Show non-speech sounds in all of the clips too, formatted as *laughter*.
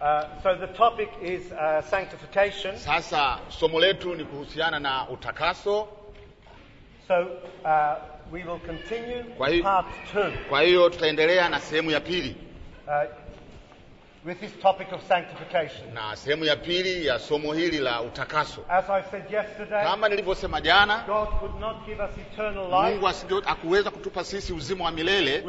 Uh, so the topic is, uh, sanctification. Sasa somo letu ni kuhusiana na utakaso. So, uh, we will continue kwa hiyo, part two. Kwa hiyo tutaendelea na sehemu ya pili. Uh, with this topic of sanctification. Na sehemu ya pili ya somo hili la utakaso. kama nilivyosema jana, Mungu asingeweza akuweza kutupa sisi uzima wa milele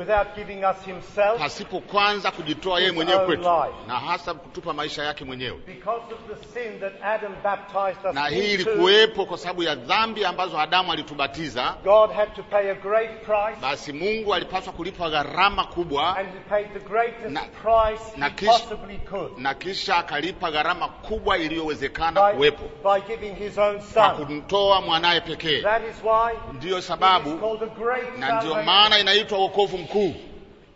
Pasipo kwanza kujitoa yeye mwenyewe kwetu na hasa kutupa maisha yake mwenyewe. Na hii ilikuwepo kwa sababu ya dhambi ambazo Adamu alitubatiza. Basi Mungu alipaswa kulipa gharama kubwa. And he paid the greatest na, price. Na kisha na kisha akalipa gharama kubwa iliyowezekana kuwepo kwa kumtoa mwanaye pekee. Ndiyo sababu na ndiyo maana inaitwa wokovu mkuu.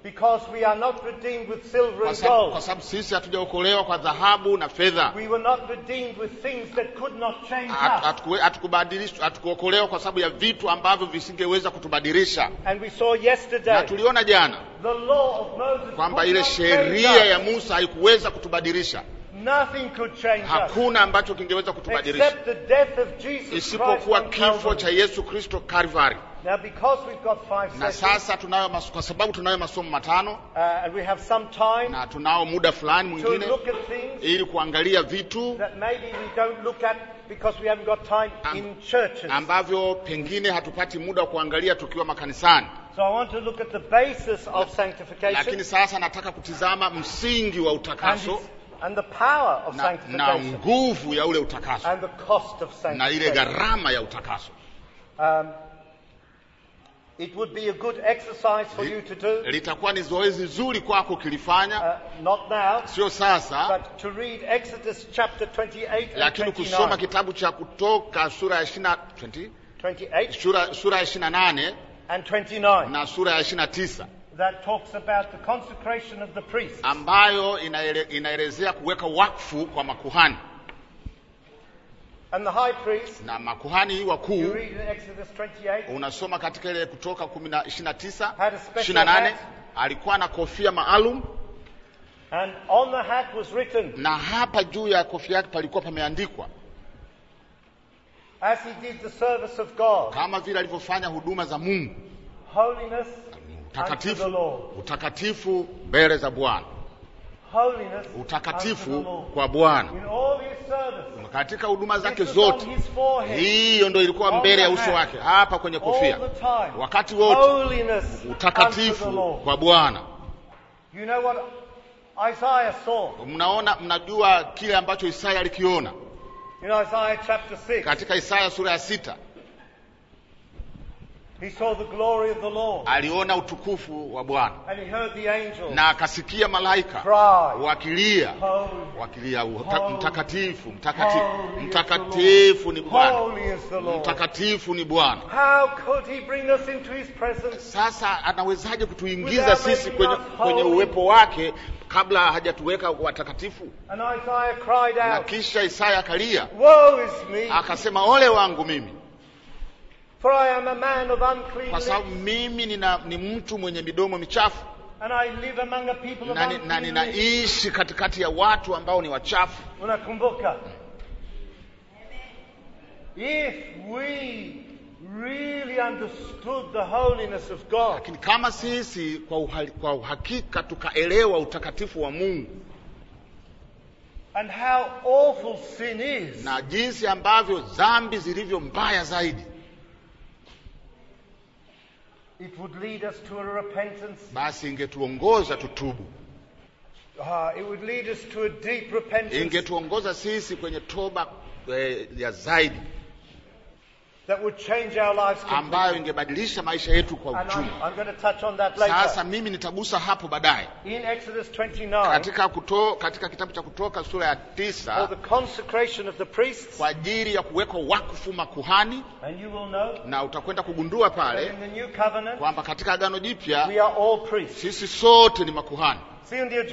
Because we are not redeemed with silver and gold. Kwa sababu sisi hatujaokolewa kwa dhahabu na fedha. We were not redeemed with things that could not change us. Hatukubadilishwa, hatukuokolewa kwa sababu ya vitu ambavyo visingeweza kutubadilisha. And we saw yesterday. Na tuliona jana. The law of Moses. Kwamba ile sheria ya Musa haikuweza kutubadilisha. Nothing could change us. Hakuna ambacho kingeweza kutubadilisha isipokuwa kifo cha Yesu Kristo Calvary. Now because we've got five na sasa tunayo maso, kwa sababu tunayo masomo matano uh, and we have some time na tunao muda fulani mwingine ili kuangalia vitu ambavyo pengine hatupati muda wa kuangalia tukiwa makanisani. So I want to look at the basis of sanctification. Lakini sasa nataka kutizama msingi wa utakaso and the power of na, na nguvu ya ule utakaso na ile gharama ya utakaso um, It would be a good exercise for you to do. Litakuwa ni zoezi zuri kwako kilifanya. Uh, not now. Sio sasa. But to read Exodus chapter 28 lakini kusoma kitabu cha Kutoka sura ya 20 28 sura ya 28 and 29 na sura ya 29 that talks about the consecration of the priests ambayo inaelezea kuweka wakfu kwa makuhani. And the high priest, na makuhani wakuu unasoma katika ile Kutoka 29 28, alikuwa na kofia maalum And on the hat was written, na hapa juu ya kofia yake palikuwa pameandikwa as he did the service of God, kama vile alivyofanya huduma za Mungu, holiness utakatifu mbele za Bwana utakatifu kwa Bwana katika huduma zake zote. Hiyo ndo ilikuwa mbele ya uso wake, hapa kwenye kofia, wakati wote utakatifu kwa Bwana. You know what Isaiah saw? Mnaona, mnajua kile ambacho Isaya alikiona, Katika Isaya sura ya sita He saw the glory of the Lord. Aliona utukufu wa Bwana And he heard the angels na akasikia malaika wakilia wakilia, mtakatifu mtakatifu mtakatifu ni Bwana, mtakatifu ni Bwana. How could he bring us into his presence? Sasa anawezaje kutuingiza sisi kwenye, kwenye uwepo wake kabla hajatuweka watakatifu? Na kisha Isaya akalia akasema, ole wangu mimi For I am a man of unclean kwa sababu mimi nina, ni mtu mwenye midomo michafu And I live among a people of na, ninaishi katikati ya watu ambao ni wachafu. Unakumbuka? If we really understood the holiness of God, lakini kama sisi kwa, uhali, kwa uhakika tukaelewa utakatifu wa Mungu and how awful sin is, na jinsi ambavyo dhambi zilivyo mbaya zaidi It would lead us to a repentance. Basi ingetuongoza tutubu. Ah, it would lead us to a deep repentance. Ingetuongoza sisi kwenye toba eh, ya zaidi ambayo ingebadilisha maisha yetu kwa uchumi. mimi nitagusa hapo baadaye katika, katika kitabu cha Kutoka sura ya tisa kwa ajili ya kuwekwa wakfu makuhani, na utakwenda kugundua pale kwamba katika Agano Jipya sisi sote ni makuhani. Sio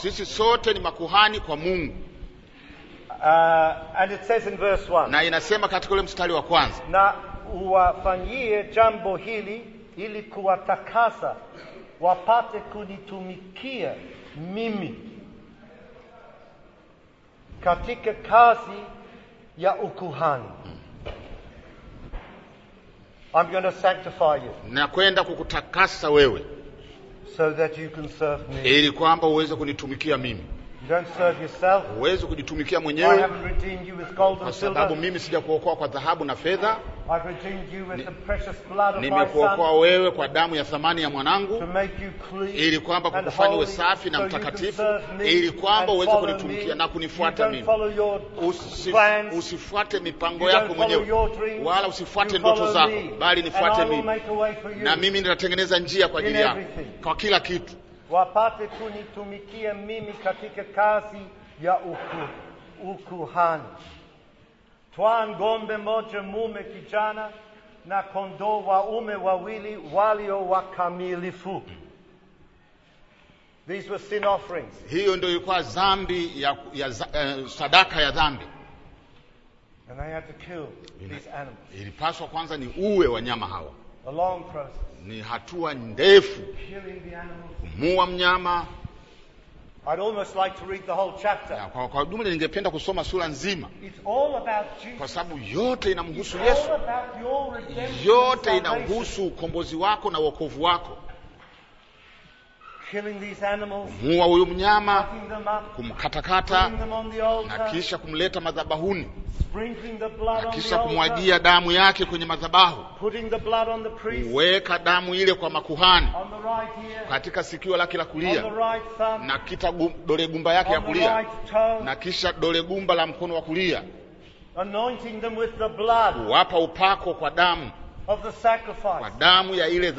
Sisi sote ni makuhani kwa Mungu. Uh, and it says in verse one, na inasema katika ule mstari wa kwanza, na uwafanyie jambo hili ili kuwatakasa wapate kunitumikia mimi katika kazi ya ukuhani. I'm going to sanctify you. Na kwenda kukutakasa wewe so that you can serve me. Ili kwamba uweze kunitumikia mimi. Huwezi kujitumikia mwenyewe, kwa sababu mimi sijakuokoa kwa dhahabu na fedha. Nimekuokoa wewe kwa damu ya thamani ya mwanangu, ili kwamba kukufanya uwe safi na mtakatifu, ili kwamba uweze kunitumikia na kunifuata mimi. Usif, usifuate mipango yako mwenyewe wala usifuate ndoto zako, bali nifuate mimi, na mimi nitatengeneza njia kwa ajili yako kwa kila kitu wapate kunitumikia mimi katika kazi ya uku, ukuhani. Twaa ng'ombe moja mume kijana na kondoo waume wawili walio wakamilifu. These were sin offerings. Hiyo ndio ilikuwa dhambi ya, ya, uh, sadaka ya dhambi. And I had to kill these animals. Ilipaswa kwanza ni uwe wanyama hawa. A long process ni hatua ndefu kumua mnyama. I'd almost like to read the whole chapter. kwa, kwa jumla ningependa kusoma sura nzima kwa sababu yote inamhusu Yesu, yote inahusu ukombozi wako na wokovu wako kumuua huyu mnyama, kumkatakata na kisha kumleta madhabahuni na kisha kumwagia damu yake kwenye madhabahu, kuweka damu ile kwa makuhani katika sikio lake la kulia na kita dole gumba yake ya kulia na kisha dole gumba la mkono wa kulia, kuwapa upako kwa damu of the sacrifice. Kwa damu ya ile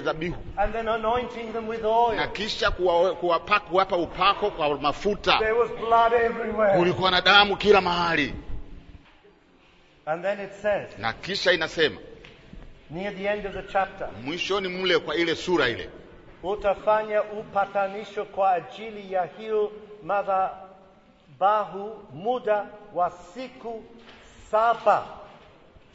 dhabihu. And then anointing them with oil. Na kisha kuwapa upako kwa mafuta. There was blood everywhere. Kulikuwa na damu kila mahali. And then it says. Na kisha inasema. Near the end of the chapter. Mwishoni mle kwa ile sura ile. Utafanya upatanisho kwa ajili ya hiyo madhabahu muda wa siku saba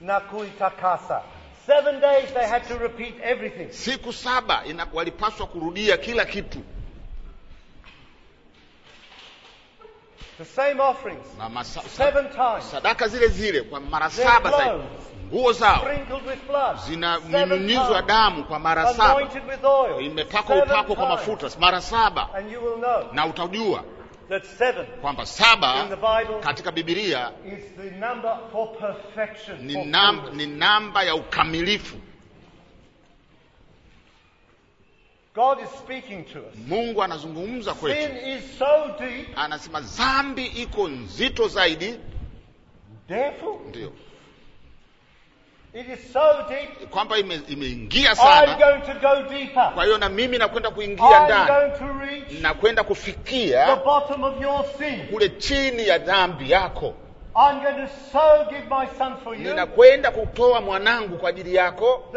na kuitakasa. Seven days they had to repeat everything. Siku saba ina, walipaswa kurudia kila kitu. The same offerings. Na masa, seven times. Sadaka zile zile kwa mara saba sasa. Nguo zao zinanyunyizwa damu kwa mara saba. Imepakwa upako kwa mafuta mara saba. Na utajua kwamba saba katika bibilia ni, namba ya ukamilifu. God is speaking to us. Mungu anazungumza kwetu. so anasema zambi iko nzito zaidi, ndio so Kwamba imeingia ime sana. go Kwa hiyo na mimi nakwenda kuingia ndani, nakwenda kufikia kule chini ya dhambi yako. so Ninakwenda kutoa mwanangu kwa ajili yako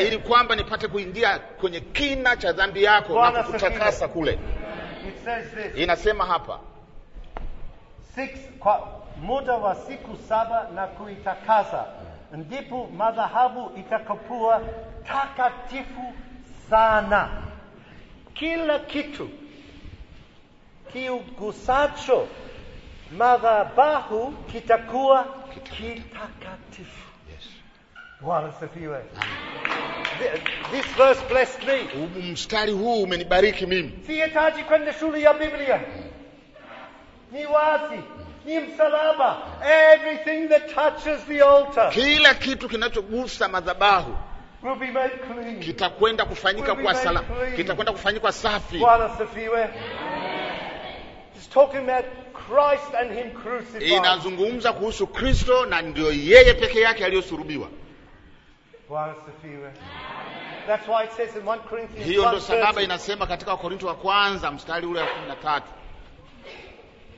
ili kwamba nipate kuingia kwenye kina cha dhambi yako na kukutakasa kule. Inasema hapa Six, muda wa siku saba na kuitakasa, ndipo madhahabu itakapua takatifu sana. Kila kitu kiugusacho madhabahu kitakuwa kitakatifu. Bwana sifiwe. This verse blessed me. Um, mstari huu umenibariki mimi. Sihitaji kwenda shule ya Biblia. Mm. Ni wazi. Mm ni msalaba. Everything that touches the altar kila kitu kinachogusa madhabahu kitakwenda kufanyika kwa salama, kitakwenda kufanyika safi. Inazungumza kuhusu Kristo na ndio yeye peke yake aliyosurubiwa. Hiyo ndio sababu inasema katika Wakorinto wa kwanza mstari ule wa kumi na tatu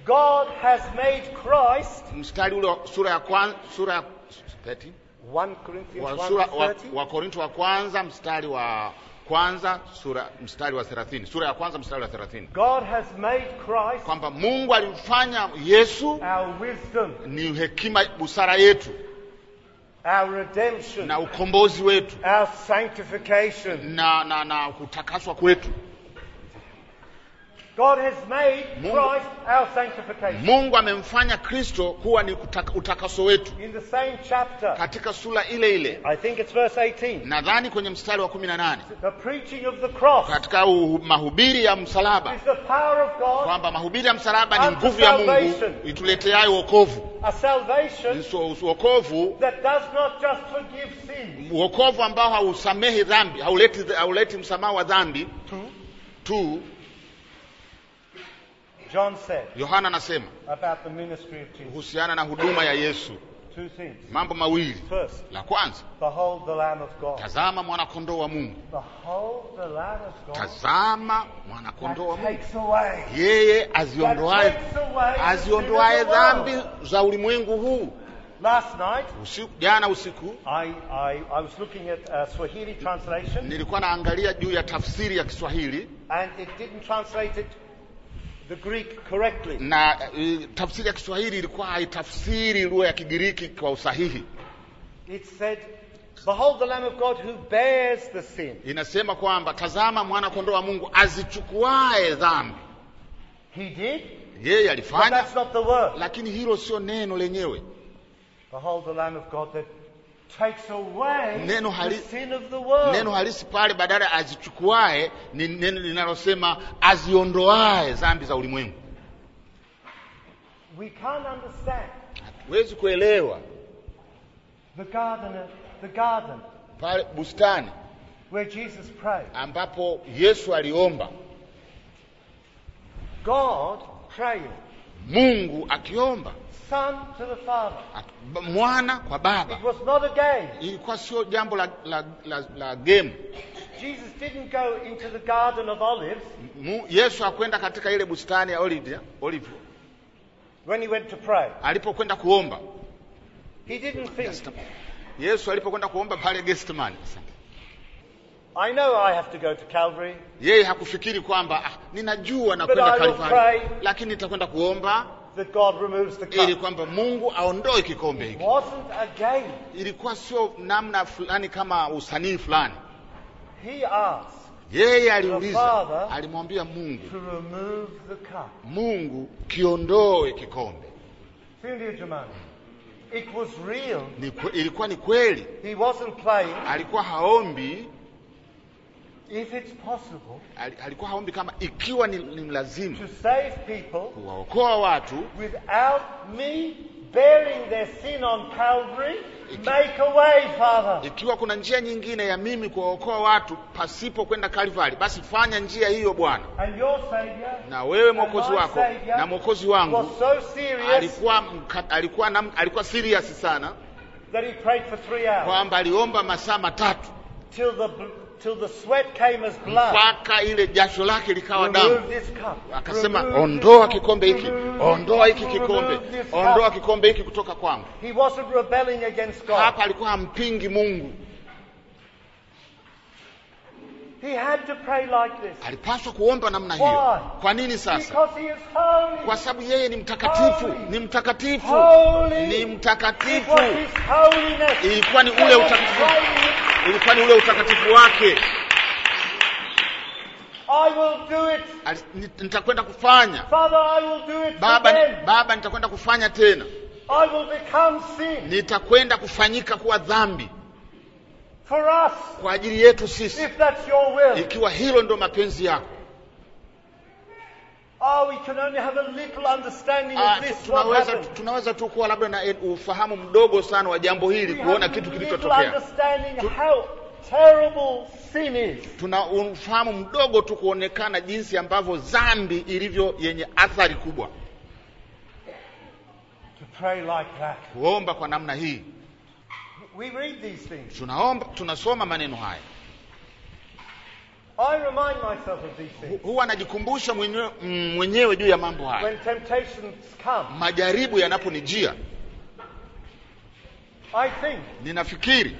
God has made Christ mstari ule sura ya kwanza, sura ya 1 Corinthians wa, sura, wa Korinto wa kwanza mstari wa kwanza sura mstari wa 30 sura ya kwanza mstari wa 30 God has made Christ kwamba Mungu alimfanya Yesu our wisdom, ni hekima busara yetu Our redemption, na ukombozi wetu our sanctification, na, na, na kutakaswa kwetu God has made Mungu, Christ our sanctification. Mungu amemfanya Kristo kuwa ni utakaso wetu. In the same chapter, katika sura ile ile I think it's verse 18. Nadhani kwenye mstari wa 18. The preaching of the cross. Katika mahubiri ya msalaba. Is the power of God. Kwamba mahubiri ya msalaba ni nguvu ya Mungu ituleteayo wokovu. A salvation wokovu that does not just forgive sin. Wokovu ambao hausamehi dhambi, hauleti hauleti msamaha wa dhambi. Two. Two John said, Yohana anasema about the ministry of Jesus, kuhusiana na huduma ya Yesu two things. Mambo mawili. First, la kwanza, behold the Lamb of God. Tazama mwana kondoo wa Mungu. Behold the Lamb of God. Tazama mwana kondoo wa Mungu. Yeye aziondoaye dhambi za ulimwengu huu. Last night, usiku, jana usiku I, I, I was looking at a uh, Swahili translation. Nilikuwa naangalia juu ya tafsiri ya Kiswahili. And it didn't translate it the Greek correctly. Na uh, tafsiri ya Kiswahili ilikuwa haitafsiri lugha ya Kigiriki kwa usahihi. It said Behold the Lamb of God who bears the sin. Inasema kwamba tazama mwana kondoo wa Mungu azichukuae dhambi. He did. Yeye alifanya. But that's not the word. Lakini hilo sio neno lenyewe. Behold the Lamb of God that neno halisi, pale badala azichukuae ni neno linalosema aziondoae zambi za ulimwengu. Hatuwezi kuelewa the garden, the garden, pale bustani where Jesus prayed, ambapo Yesu aliomba. God Mungu akiomba mwana kwa baba. It was not a game. Ilikuwa sio jambo la, la, la, la game. Jesus didn't go into the garden of olives. Yesu hakwenda katika ile bustani ya olive, olive. When he went to pray. Alipokwenda kuomba. He didn't think. Yesu alipokwenda kuomba pale Gethsemane. I know I have to go to Calvary. Yeye hakufikiri kwamba ah, ninajua nakwenda Calvary. Lakini nitakwenda kuomba that God removes the cup. Ili kwamba Mungu aondoe kikombe It hiki. wasn't a game. Ilikuwa sio namna fulani kama usanii fulani. He asked Yeye aliuliza, Father- alimwambia Mungu, to remove the cup. Mungu kiondoe kikombe. It was real. Ni ilikuwa ni kweli, He wasn't playing. alikuwa haombi if it's possible, al, alikuwa haombi kama ikiwa ni, ni lazima to save people kuwaokoa watu without me bearing their sin on Calvary, Iki, make a way, Father. Ikiwa kuna njia nyingine ya mimi kuwaokoa watu pasipo kwenda Calvary, basi fanya njia hiyo Bwana. Na wewe mwokozi wako na mwokozi wangu so alikuwa, alikuwa, nam, alikuwa serious sana kwamba aliomba masaa matatu Till the Till the sweat came as blood. Mpaka ile jasho lake likawa damu. Akasema, ondoa kikombe hiki, ondoa hiki kikombe, ondoa kikombe hiki kutoka kwangu. He wasn't rebelling against God. Hapa alikuwa hampingi Mungu. Alipaswa kuomba namna hiyo. Kwa nini sasa? Kwa sababu yeye ni mtakatifu, ni mtakatifu, ni mtakatifu. Ilikuwa ni ule utakatifu, ilikuwa ni ule utakatifu wake. Nitakwenda kufanya Baba, Baba, nitakwenda kufanya tena, nitakwenda kufanyika kuwa dhambi For us, kwa ajili yetu sisi, if that's your will, ikiwa hilo ndio mapenzi yako. Oh, we can only have a little understanding of ah, this tunaweza, tunaweza tu kuwa labda na e, ufahamu mdogo sana wa jambo hili kuona kitu kilichotokea. Tuna ufahamu mdogo tu kuonekana jinsi ambavyo dhambi ilivyo yenye athari kubwa. To pray like that. Kuomba kwa namna hii We read these things. Tunaomba, tunasoma maneno haya. I remind myself of these things. Huwa najikumbusha mwenyewe, mm, mwenyewe juu ya mambo haya. When temptations come. Majaribu yanaponijia. I think. Ninafikiri.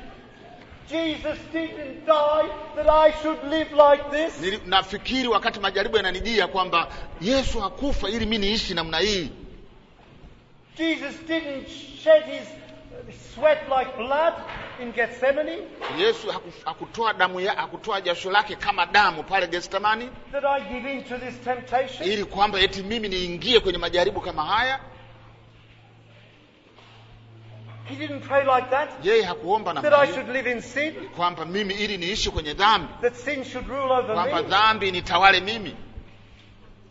Jesus didn't die that I should live like this. Nili, nafikiri wakati majaribu yananijia kwamba Yesu hakufa ili mimi niishi namna hii. Jesus didn't shed his sweat like blood in Gethsemane? Yesu hakutoa damu ya hakutoa jasho lake kama damu pale Gethsemane? That I give in to this temptation? Ili kwamba eti mimi niingie kwenye majaribu kama haya? He didn't pray like that. Yeye hakuomba namna hiyo. That I should live in sin. Kwamba mimi ili niishi kwenye dhambi. That sin should rule over me. Kwamba dhambi nitawale mimi.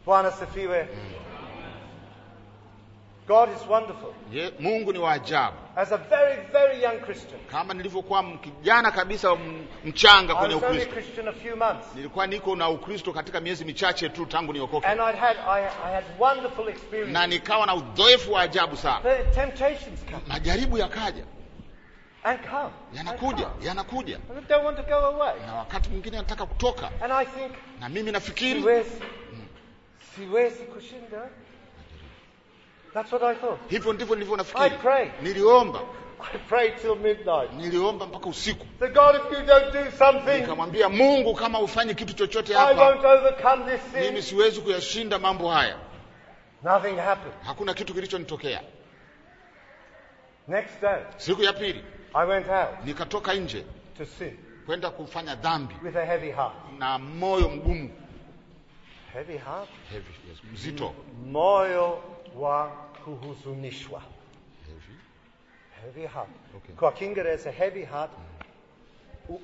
Bwana sifiwe. Mm. God is wonderful. Ye, Mungu ni wa ajabu. As a very, very young Christian. Kama nilivyokuwa kijana kabisa mchanga kwenye Ukristo. Nilikuwa niko na Ukristo katika miezi michache tu tangu niokoke. And I had, I, I had wonderful experience. Na nikawa na udhoefu wa ajabu sana. The temptations come. Majaribu yakaja. And come. Yanakuja, Yanakuja. Na wakati mwingine nataka kutoka. And I think, na mimi nafikiri siwezi, siwezi kushinda. That's what I Hivyo ndivyo nilivyo nafikiri. Niliomba. Niliomba mpaka usiku. The Mungu kama ufanye kitu chochote hapa. siwezi kuyashinda mambo haya. Hakuna kitu kilichonitokea. Siku ya pili. Nikatoka nje. Kwenda kufanya dhambi. With a heavy heart. Na moyo mgumu. Heavy heart. Heavy, yes. Mzito. Moyo wa kuhuzunishwa. Heavy heart. Okay. Kwa Kiingereza heavy heart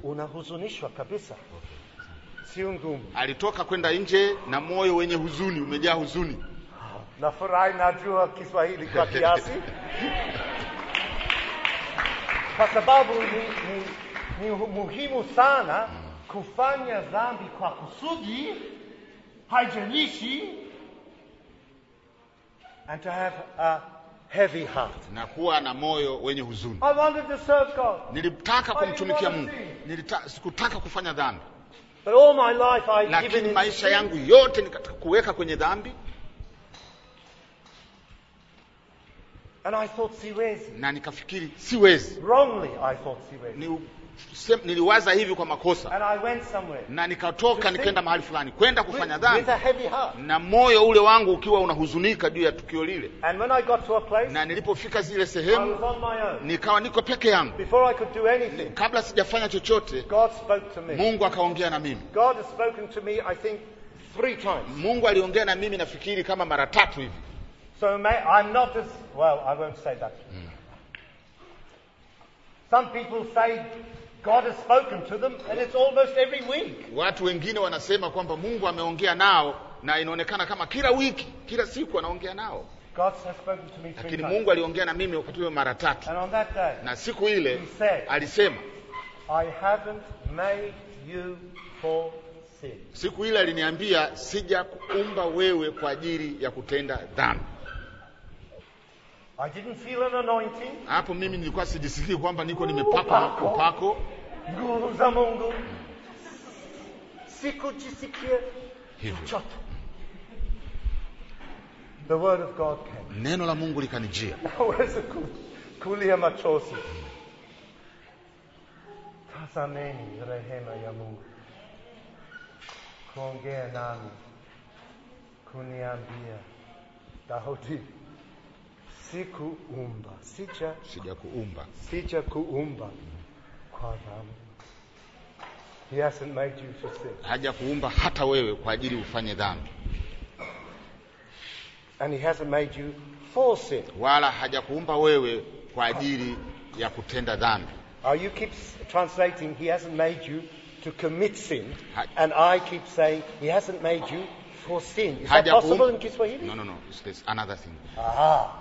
unahuzunishwa kabisa. Okay. Sio ngumu. Alitoka kwenda nje na moyo wenye huzuni, umejaa huzuni. Nafurahi najua Kiswahili kwa *laughs* kiasi kwa sababu ni, ni, ni muhimu sana hmm. kufanya dhambi kwa kusudi, haijalishi and to have a heavy heart. Na kuwa na moyo wenye huzuni. I wanted to serve God. Nilitaka kumtumikia Mungu. Nilitaka sikutaka kufanya dhambi. But all my life I lakini maisha yangu yote nikataka kuweka kwenye dhambi. And I thought siwezi. Na nikafikiri siwezi. Wrongly I thought siwezi. Ni niliwaza hivi kwa makosa na nikatoka nikaenda mahali fulani kwenda kufanya dhambi na moyo ule wangu ukiwa unahuzunika juu ya tukio lile. place, na nilipofika zile sehemu nikawa niko peke yangu. kabla sijafanya chochote Mungu akaongea na mimi. Mungu aliongea na mimi nafikiri kama mara tatu hivi. So may, I'm not as, well, I won't say that. Mm. Some God has spoken to them and it's almost every week. Watu wengine wanasema kwamba Mungu ameongea nao na inaonekana kama kila wiki, kila siku anaongea nao. God has spoken to me three Lakini Mungu aliongea na mimi wakati huo mara tatu. And on that day, na siku ile said, alisema I haven't made you for sin. Siku ile aliniambia sijakuumba wewe kwa ajili ya kutenda dhambi. I didn't feel an anointing. Hapo mimi nilikuwa sijisikii kwamba niko nimepakwa upako. Nguvu za Mungu. Sikujisikia chochote. The word of God came. Neno la Mungu likanijia. Naweza kulia machozi. Tazameni rehema ya Mungu kuongea nami, kuniambia Daudi sikuumba sija sija kuumba sija kuumba kwa dhambi He hasn't made you for sin. Haja kuumba hata wewe kwa ajili ufanye dhambi. And he hasn't made you for sin. Wala haja kuumba wewe kwa ajili ya kutenda dhambi. Uh, you keep translating he hasn't made you to commit sin ha and I keep saying he hasn't made you hajakuumba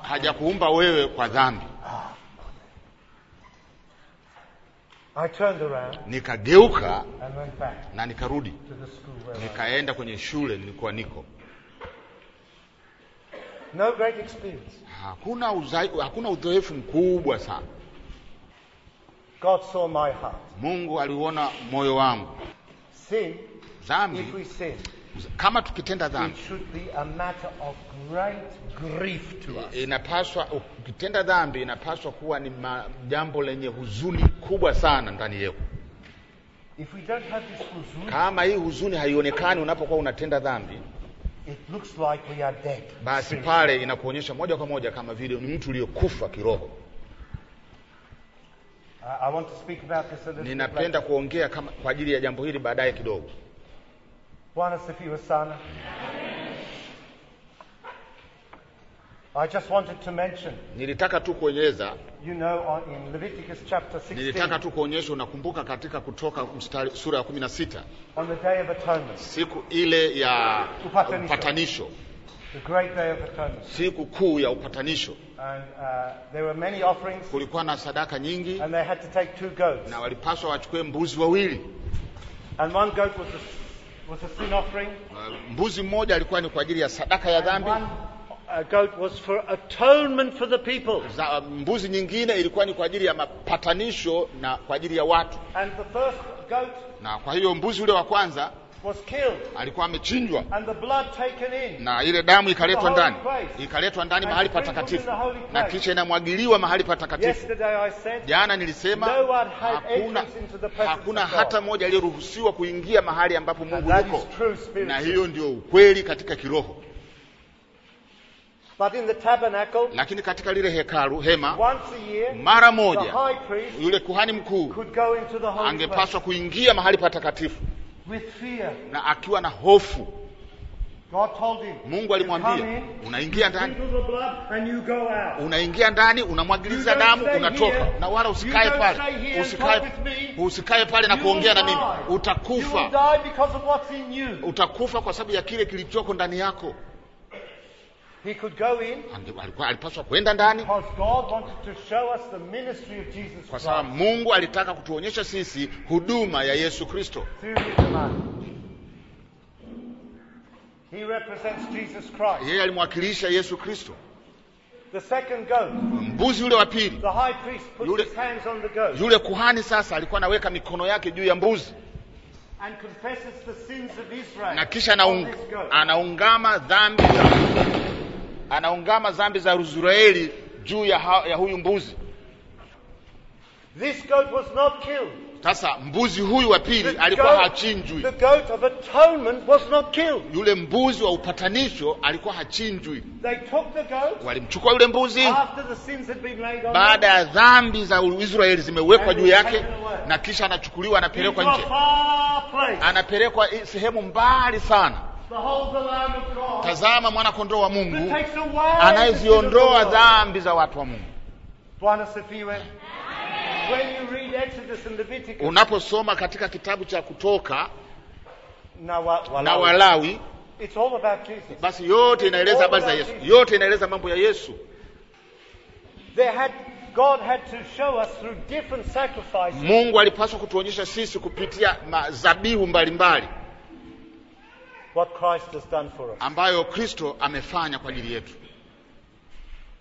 haja kuumba... wewe kwa dhambi. Ah. Nikageuka na nikarudi. nikaenda kwenye shule nilikuwa niko. No great Hakuna uzai, hakuna uzoefu mkubwa sana. God saw my heart. Mungu aliuona moyo wangu. Sin, dhambi, if we sin, kama tukitenda dhambi inapaswa, oh, ukitenda dhambi inapaswa kuwa ni jambo lenye huzuni kubwa sana ndani yetu. Kama hii huzuni haionekani unapokuwa unatenda dhambi, it looks like we are dead, basi pale inakuonyesha moja kwa moja kama vile ni mtu uliyokufa kiroho. Ninapenda kuongea kama kwa ajili ya jambo hili baadaye kidogo. Buona Bwana fiu sana. I just wanted to mention. Nilitaka tu kuonyesha. You know in Leviticus chapter 16. Nilitaka tu kuonyesha unakumbuka katika kutoka mstari sura ya 16. On the day of atonement. Siku ile ya upatanisho. upatanisho. The great day of atonement. Siku kuu ya upatanisho. And, uh, there were many offerings. Kulikuwa na sadaka nyingi. And they had to take two goats. Na walipaswa wachukue mbuzi wawili. And one goat was the was a sin offering. Uh, mbuzi mmoja alikuwa ni kwa ajili ya sadaka ya dhambi. One uh, goat was for atonement for the people. Uh, mbuzi nyingine ilikuwa ni kwa ajili ya mapatanisho na kwa ajili ya watu. And the first goat, na kwa hiyo mbuzi ule wa kwanza was killed, alikuwa amechinjwa and the blood taken in, na ile damu ikaletwa ndani ikaletwa ndani mahali patakatifu na kisha inamwagiliwa mahali patakatifu. Jana nilisema hakuna, hakuna hata mmoja aliyeruhusiwa kuingia mahali ambapo Mungu yuko, na hiyo ndio ukweli katika kiroho. But in the tabernacle, lakini katika lile hekalu hema, once a year, mara moja yule kuhani mkuu angepaswa kuingia mahali patakatifu with fear. na akiwa na hofu God told him, Mungu alimwambia unaingia ndani, unaingia ndani, unamwagiliza damu, unatoka, na wala usikae pale, usikae, usikae pale na kuongea na mimi, utakufa, utakufa kwa sababu ya kile kilichoko ndani yako. He could go in, alipaswa kwenda ndani, kwa sababu Mungu alitaka kutuonyesha sisi huduma ya Yesu Kristo. Yeye alimwakilisha Yesu Kristo. Mbuzi yule wa pili, yule, yule kuhani sasa alikuwa anaweka mikono yake juu ya mbuzi And confesses the sins of Israel. Na kisha anaungama dhambi anaungama dhambi za Israeli juu ya, ya huyu mbuzi. This goat was not killed. Sasa mbuzi huyu wa pili alikuwa hachinjwi. The goat of atonement was not killed. Yule mbuzi wa upatanisho alikuwa hachinjwi. They took the goat. Walimchukua yule mbuzi after the sins had been laid on baada ya dhambi za Israeli zimewekwa juu yake na kisha anachukuliwa anapelekwa nje. Anapelekwa sehemu mbali sana. Tazama mwana kondoo wa Mungu anayeziondoa dhambi za watu wa Mungu. Unaposoma katika kitabu cha Kutoka na, wa, walawi, na Walawi, it's all about Jesus. Basi yote inaeleza habari za Yesu, yote inaeleza mambo ya Yesu. Mungu alipaswa kutuonyesha sisi kupitia mazabihu mbalimbali What Christ has done for us. ambayo Kristo amefanya kwa ajili yetu.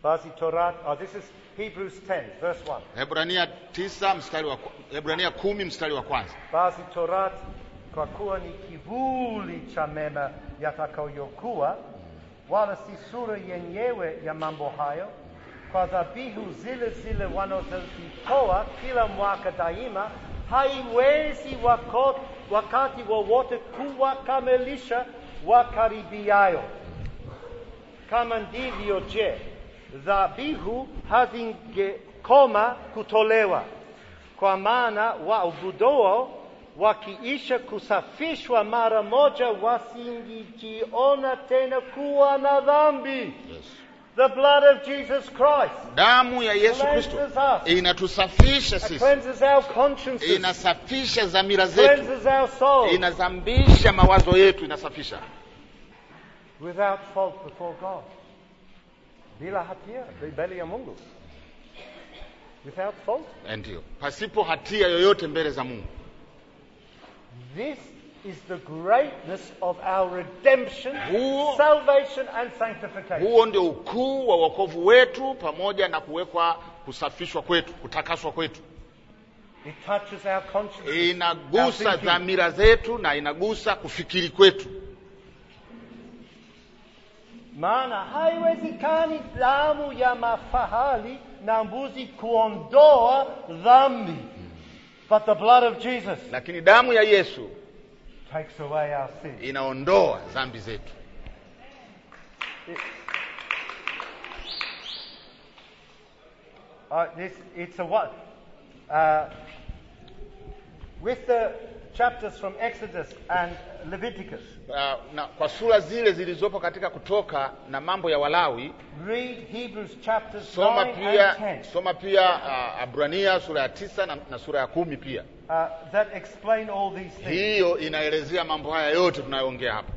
Basi oh, this is Hebrews 10 verse 1. 9 mstari wa 10 mstari wa kwanza. Basi Torati kwa kuwa ni kivuli cha mema yatakayokuwa, wala si sura yenyewe ya mambo hayo, kwa dhabihu zile zile wanazozitoa kila mwaka daima haiwezi wakot wakati wowote wa wakaribiayo. Kama ndivyo, je, dhabihu hazingekoma kutolewa? Kwa maana ubudoo wakiisha kusafishwa mara moja, wasingijiona tena kuwa na dhambi. Yes. The blood of Jesus Christ damu ya Yesu Kristo inatusafisha sisi, inasafisha dhamira zetu, inazambisha mawazo yetu, inasafisha Without fault before God. Bila hatia mbele ya Mungu. Without fault. Eh, ndio, pasipo hatia yoyote mbele za Mungu. This is the greatness of our redemption, huo, salvation and sanctification. Huo ndio ukuu wa wokovu wetu pamoja na kuwekwa kusafishwa kwetu, kutakaswa kwetu. It touches our conscience. Inagusa dhamira zetu na inagusa kufikiri kwetu. Maana haiwezekani damu ya mafahali na mbuzi kuondoa dhambi. But the blood of Jesus. Lakini damu ya Yesu takes away our sin. inaondoa zetu It- uh, this, it's a what? Uh, with the chapters from Exodus and Leviticus. Uh, na, kwa sura zile zilizopo katika Kutoka na Mambo ya Walawi. Read Hebrews chapters soma pia, and 10. Soma pia uh, Abrania sura ya tisa na, na sura ya kumi pia. Uh, that explain all these things. Hiyo inaelezea mambo haya yote tunayoongea hapa.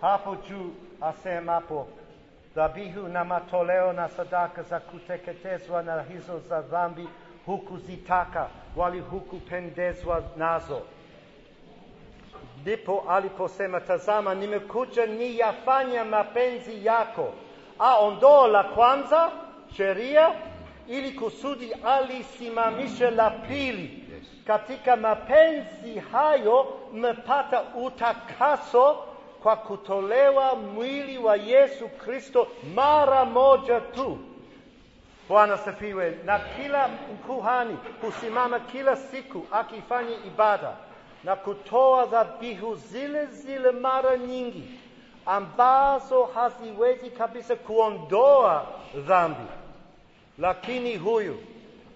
Hapo juu hapo dhabihu na matoleo na sadaka za kuteketezwa na hizo za dhambi hukuzitaka, wali hukupendezwa nazo. Ndipo aliposema, tazama, nimekuja yafanya mapenzi yako. Aondoa la kwanza sheria, ili kusudi alisimamishe la pili. Katika mapenzi hayo mmepata utakaso kwa kutolewa mwili wa Yesu Kristo mara moja tu. Bwana safiwe Na kila mkuhani husimama kila siku akifanya ibada na kutoa dhabihu zile zile mara nyingi ambazo haziwezi kabisa kuondoa dhambi. Lakini huyu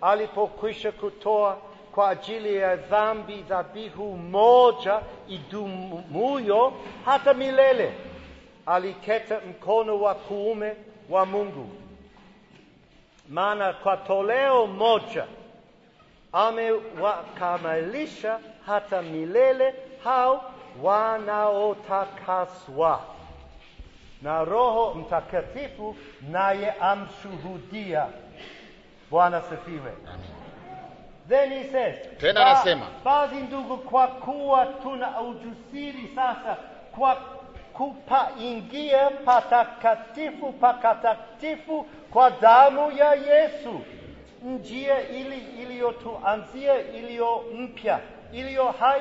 alipokwisha kutoa kwa ajili ya dhambi dhabihu moja idumuyo hata milele, aliketa mkono wa kuume wa Mungu maana kwa toleo moja amewakamilisha hata milele hao wanaotakaswa na Roho Mtakatifu, naye amshuhudia. Bwana sifiwe. Then he says, tena anasema basi ndugu, kwa kuwa tuna ujusiri sasa kwa kupaingia patakatifu pakatakatifu kwa damu ya Yesu, njia ili iliyotuanzia iliyo mpya iliyo hai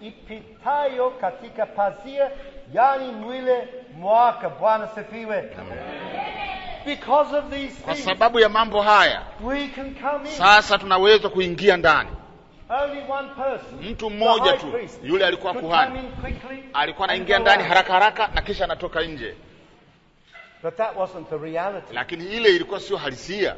ipitayo katika pazia, yani mwile mwaka. Bwana sifiwe. kwa sababu ya mambo haya sasa tunaweza kuingia ndani Mtu mmoja tu yule alikuwa kuhani, alikuwa anaingia ndani haraka haraka na kisha anatoka nje, lakini ile ilikuwa sio halisia.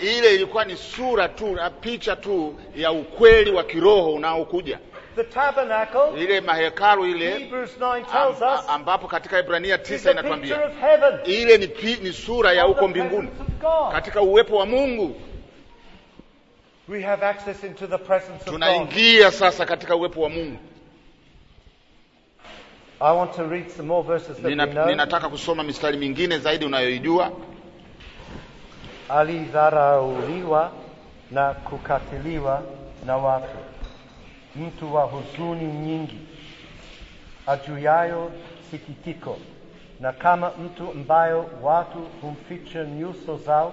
Ile ilikuwa ni sura tu na picha tu ya ukweli wa kiroho unaokuja. The tabernacle, ile mahekalu ile amba, ambapo katika Ibrania tisa inatuambia ile ni, pi, ni sura ya huko mbinguni katika uwepo wa Mungu. We have access into the presence of God. tunaingia Sasa katika uwepo wa Mungu. I want to read some more verses that Nina, we know. Ninataka kusoma mistari mingine zaidi unayoijua alidharauliwa na kukatiliwa na watu mtu wa huzuni nyingi, ajuyayo sikitiko, na kama mtu ambayo watu humficha nyuso zao,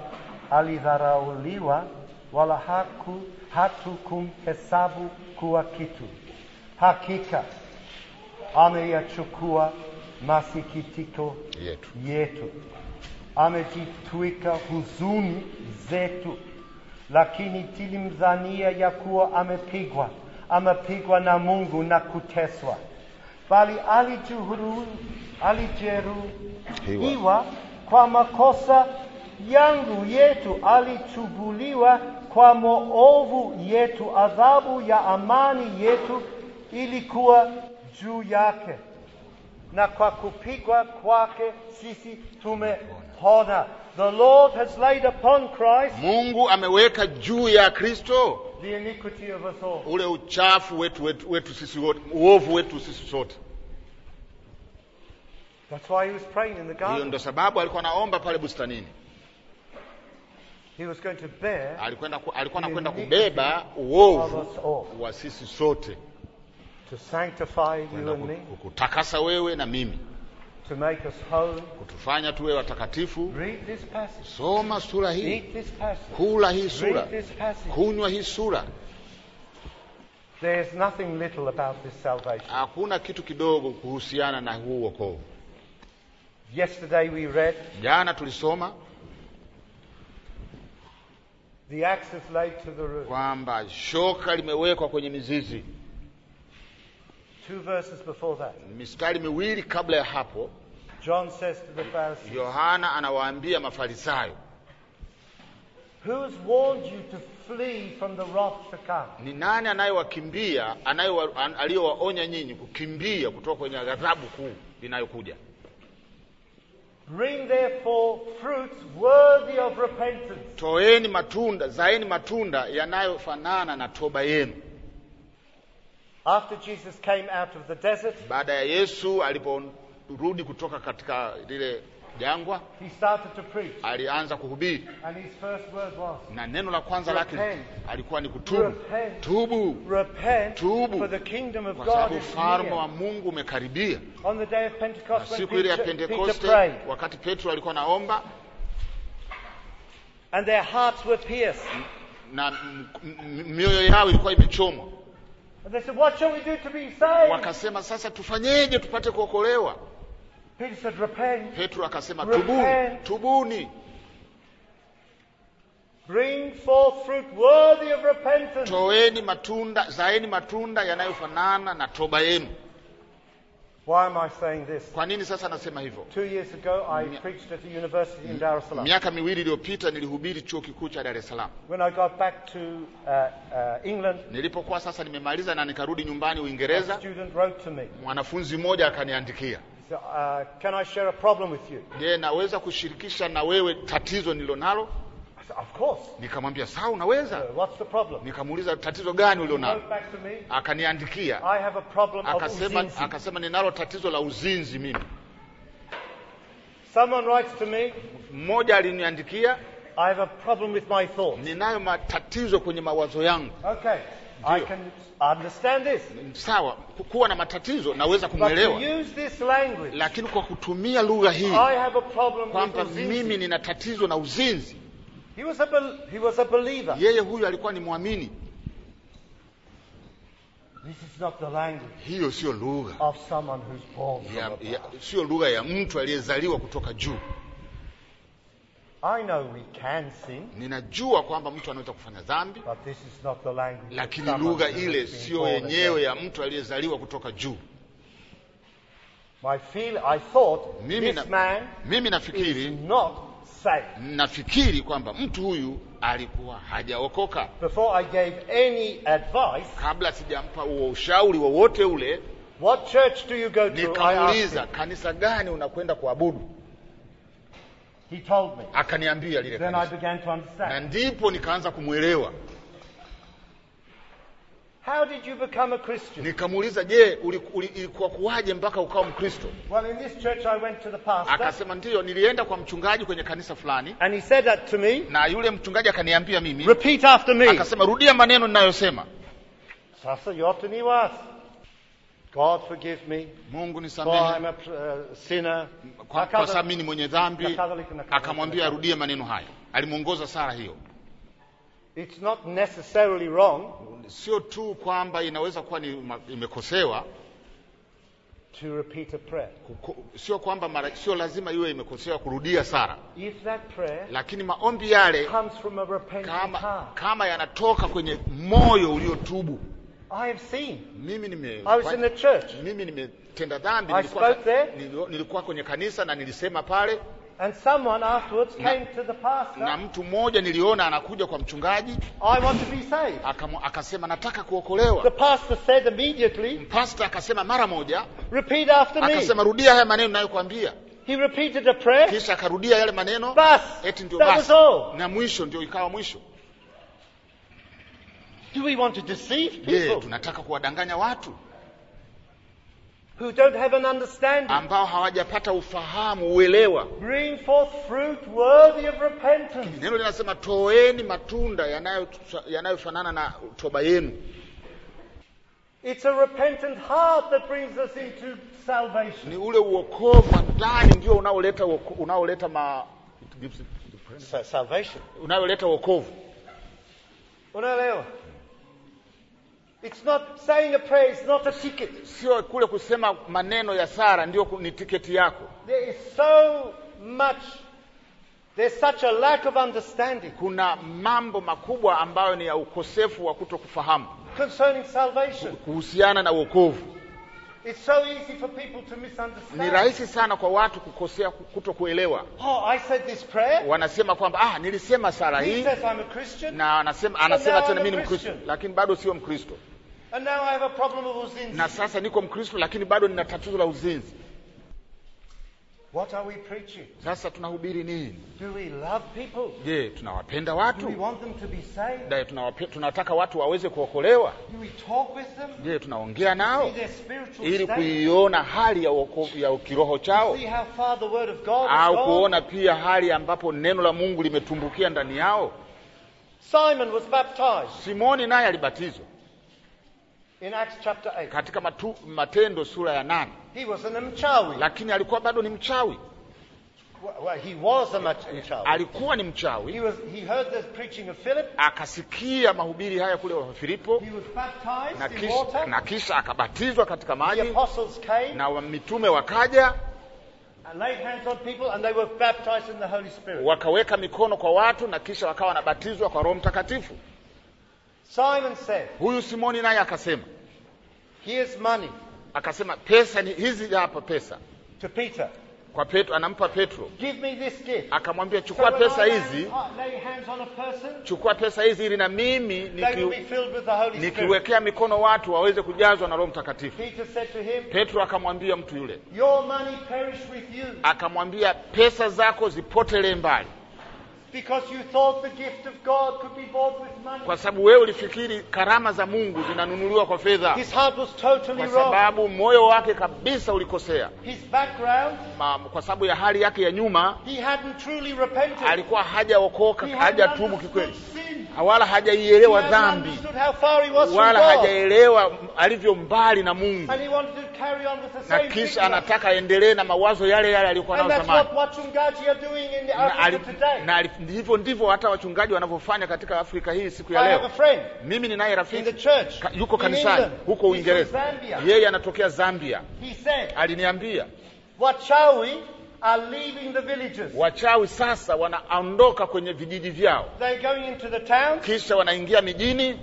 alidharauliwa, wala haku hatukumhesabu kuwa kitu. Hakika ameyachukua masikitiko yetu, yetu. Amejitwika huzuni zetu, lakini tilimdhania ya kuwa amepigwa amepigwa na Mungu na kuteswa, bali alijeruhiwa kwa makosa yangu yetu, alichubuliwa kwa moovu yetu, adhabu ya amani yetu ilikuwa juu yake, na kwa kupigwa kwake sisi tumepona. The Lord has laid upon Christ. Mungu ameweka juu ya Kristo the iniquity of us all. ule uchafu wetu wetu, wetu sisi wote uovu wetu sisi sote. Hiyo ndo sababu alikuwa anaomba pale bustanini. He alikuwa anakwenda kubeba uovu wa sisi sote, kukutakasa wewe na mimi, to make us holy, kutufanya tuwe watakatifu. Read this passage. Soma sura hii, Eat this passage. kula hii sura, Read this passage. kunywa hii sura. There's nothing little about this salvation. Hakuna kitu kidogo kuhusiana na huu wokovu. Yesterday we read jana tulisoma the axe is laid to the root, kwamba shoka limewekwa kwenye mizizi. Two verses before that. Mistari miwili kabla ya hapo John says to the Pharisees, Yohana anawaambia Mafarisayo, Ni nani anayewakimbia anayewa, aliyowaonya nyinyi kukimbia kutoka kwenye ghadhabu kuu inayokuja? Bring therefore fruits worthy of repentance. Toeni matunda, zaeni matunda yanayofanana na toba yenu. After Jesus came out of the desert, baada ya Yesu aliporudi kutoka katika lile jangwa, he started to preach. Alianza kuhubiri and his first word was, na neno la kwanza lake alikuwa ni kutubu, tubu, Repent, tubu, For the kingdom of God, kwa sababu ufalme wa Mungu umekaribia. Na siku ile ya Pentekoste, wakati Petro alikuwa naomba and their hearts were pierced, na mioyo yao ilikuwa imechomwa Wakasema, sasa tufanyeje tupate kuokolewa? Petro akasema, tubuni, tubuni, toeni matunda, zaeni matunda yanayofanana na toba yenu. Why am I saying this? Kwa nini sasa nasema hivyo? Two years ago I Mia... preached at a university in Dar es Salaam. Miaka miwili iliyopita nilihubiri chuo kikuu cha Dar es Salaam. When I got back to uh, uh, England. Nilipokuwa sasa nimemaliza na nikarudi nyumbani Uingereza. A student wrote to me. Mwanafunzi mmoja akaniandikia. So, uh, can I share a problem with you? Je, naweza kushirikisha na wewe tatizo nililonalo? Nikamwambia sawa, unaweza. Uh, Nikamuuliza tatizo gani ulionalo? Akaniandikia akasema, akasema ninalo tatizo la uzinzi mimi. Mmoja aliniandikia Ninayo matatizo kwenye mawazo yangu. Okay. I can understand this. Sawa, kuwa na matatizo naweza kumwelewa, lakini kwa kutumia lugha hii kwamba mimi nina tatizo na uzinzi He was a, he was a believer. Yeye huyu alikuwa ni mwamini. This is not the language hiyo sio lugha of someone who's born from ya, sio lugha ya mtu aliyezaliwa kutoka juu. I know we can sin, ninajua kwamba mtu anaweza kufanya dhambi, but this is not the language, lakini lugha ile sio yenyewe ya mtu aliyezaliwa kutoka juu. My feel, I thought, mimi, this na, man mimi nafikiri is not nafikiri kwamba mtu huyu alikuwa hajaokoka. kabla sijampa huo ushauri wowote ule, what kanisa gani unakwenda kuabudu? akaniambia lile na ndipo nikaanza kumwelewa. How did you become a Christian? Nikamuuliza, je, ilikuwa kuwaje mpaka ukawa Mkristo? Well, in this church I went to the pastor. Akasema ndiyo, nilienda kwa mchungaji kwenye kanisa fulani. And he said that to me. Na yule mchungaji akaniambia mimi. Repeat after me. Akasema rudia maneno ninayosema. Sasa yote ni wasi. God forgive me. Mungu nisamehe. I'm a uh, sinner. Kwa, kwa sababu mimi ni mwenye dhambi. Akamwambia arudie maneno hayo. Alimuongoza Sara hiyo. It's not necessarily wrong sio tu kwamba inaweza kuwa ni imekosewa to repeat a prayer. sio kwamba mara, sio lazima iwe imekosewa kurudia sara, If that prayer lakini maombi yale comes from a repentant kama, heart. kama yanatoka kwenye moyo uliotubu. I have seen. Mimi nime I was in the church. mimi nimetenda dhambi, nilikuwa, nilikuwa kwenye kanisa na nilisema pale And someone afterwards na, came to the pastor. Na mtu mmoja niliona anakuja kwa mchungaji. I want to be saved. Akam, akasema nataka kuokolewa. The pastor said immediately. Pastor akasema mara moja. Repeat after me. Akasema rudia haya maneno ninayokuambia. He repeated the prayer. Kisha akarudia yale maneno. Bas. Eti ndio bas. Na mwisho ndio ikawa mwisho. Do we want to deceive people? Je, tunataka kuwadanganya watu? who don't have an understanding, ambao hawajapata ufahamu uelewa. Bring forth fruit worthy of repentance. Neno linasema toeni matunda yanayofanana na toba yenu. It's a repentant heart that brings us into salvation. Ni ule uokovu wa ndani ndio unaoleta unaoleta ma salvation, unayoleta uokovu Unaelewa? It's not saying a prayer, it's not a ticket. Sio kule kusema maneno ya sara ndio ni tiketi yako. There is so much There's such a lack of understanding. Kuna mambo makubwa ambayo ni ya ukosefu wa kutokufahamu concerning salvation. Kuhusiana na wokovu. It's so easy for people to misunderstand. Ni rahisi sana kwa watu kukosea kutokuelewa. Oh, I said this prayer. Wanasema kwamba ah, nilisema sala hii. He says I'm a Christian. Na anasema anasema tena mimi ni Mkristo, lakini bado sio Mkristo. And now I have a problem of uzinzi. Na sasa niko Mkristo lakini bado nina tatizo la uzinzi. What are we preaching? Sasa tunahubiri nini? Do we love people? Je, tunawapenda watu? Do we want them to be saved? Je, tunataka watu waweze kuokolewa? Do we talk with them? Je, tunaongea nao ili kuiona hali ya, ya kiroho chao au kuona pia hali ambapo neno la Mungu limetumbukia ndani yao? Simon was baptized. Simoni naye alibatizwa. In Acts chapter 8. Katika matu, Matendo sura ya nane. He was an mchawi. Lakini alikuwa bado ni mchawi. Well, he was a mchawi. Alikuwa ni mchawi. He was, he heard the preaching of Philip. Akasikia mahubiri haya kule wa Filipo. He was baptized na kisha, in water. Na kisha akabatizwa katika maji. The apostles came. Na mitume wakaja. And laid hands on people and they were baptized in the Holy Spirit. Wakaweka mikono kwa watu na kisha wakawa wanabatizwa kwa Roho Mtakatifu. Simon said, huyu Simoni naye akasema, here's money akasema pesa ni hizi hapa pesa to Peter kwa Petro, anampa Petro, give me this gift. Akamwambia chukua so pesa hizi, chukua pesa hizi ili na mimi nikiwekea mikono watu waweze kujazwa na Roho Mtakatifu. Petro akamwambia mtu yule, akamwambia pesa zako zipotele mbali kwa sababu wewe ulifikiri karama za Mungu zinanunuliwa kwa fedha. totally Kwa sababu moyo wake kabisa ulikosea. His background, Ma, kwa sababu ya hali yake ya nyuma, he hadn't truly repented. Alikuwa hajaokoka, hajatubu kikweli. Wala hajaielewa dhambi. Wala hajaelewa alivyo mbali na Mungu. na kisha anataka aendelee na mawazo yale yale aliyokuwa nayo zamani. Na Ndivyo ndivyo hata wachungaji wanavyofanya katika Afrika hii siku ya leo. Mimi ninaye rafiki yuko kanisani huko Uingereza, yeye anatokea Zambia. Aliniambia wachawi sasa wanaondoka kwenye vijiji vyao, kisha wanaingia mijini,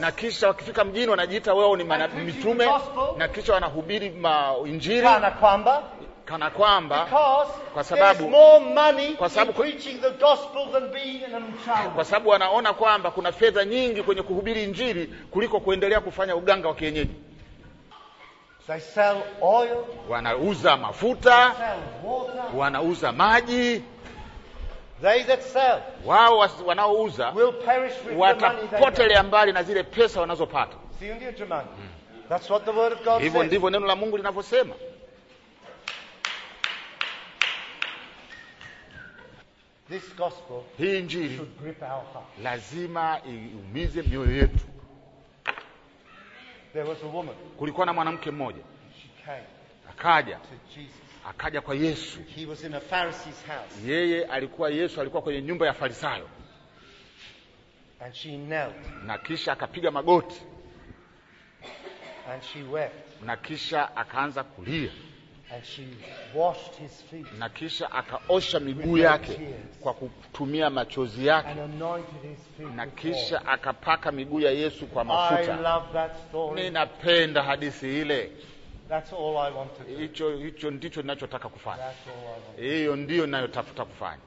na kisha wakifika mjini wanajiita wao ni mitume, na kisha wanahubiri mainjili kana kwamba kwa sababu kwa sababu kwa sababu wanaona kwamba kuna fedha nyingi kwenye kuhubiri Injili kuliko kuendelea kufanya uganga wa kienyeji. Wanauza mafuta, wanauza maji. Wao wanaouza watapotelea mbali na zile pesa wanazopata. Hivyo ndivyo neno la Mungu linavyosema. This gospel hii injili should grip our heart. lazima iumize mioyo yetu. There was a woman. Kulikuwa na mwanamke mmoja akaja akaja kwa Yesu. He was in a Pharisee's house. Yeye alikuwa Yesu alikuwa kwenye nyumba ya Farisayo. And she knelt. Na kisha akapiga magoti. And she wept. Na kisha akaanza kulia na kisha akaosha miguu yake kwa kutumia machozi yake, na kisha akapaka miguu ya Yesu kwa mafuta. Ninapenda hadithi ile. Hicho ndicho ninachotaka kufanya, hiyo ndiyo inayotafuta kufanya.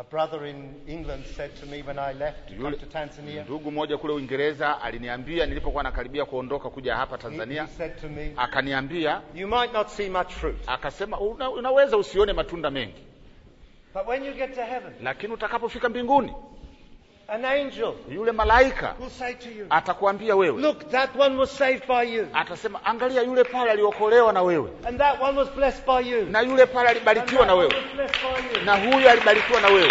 A brother in England said to me when I left to come to Tanzania. Ndugu mmoja kule Uingereza aliniambia nilipokuwa nakaribia kuondoka kuja hapa Tanzania. He, he said to me, akaniambia, you might not see much fruit. Akasema una, unaweza usione matunda mengi. But when you get to heaven, lakini utakapofika mbinguni An angel yule malaika will say to you, atakwambia wewe. Look, that one was saved by you. Atasema angalia, yule pale aliokolewa na wewe, and that one was blessed by you. Na yule pale alibarikiwa na wewe, na huyu alibarikiwa na wewe.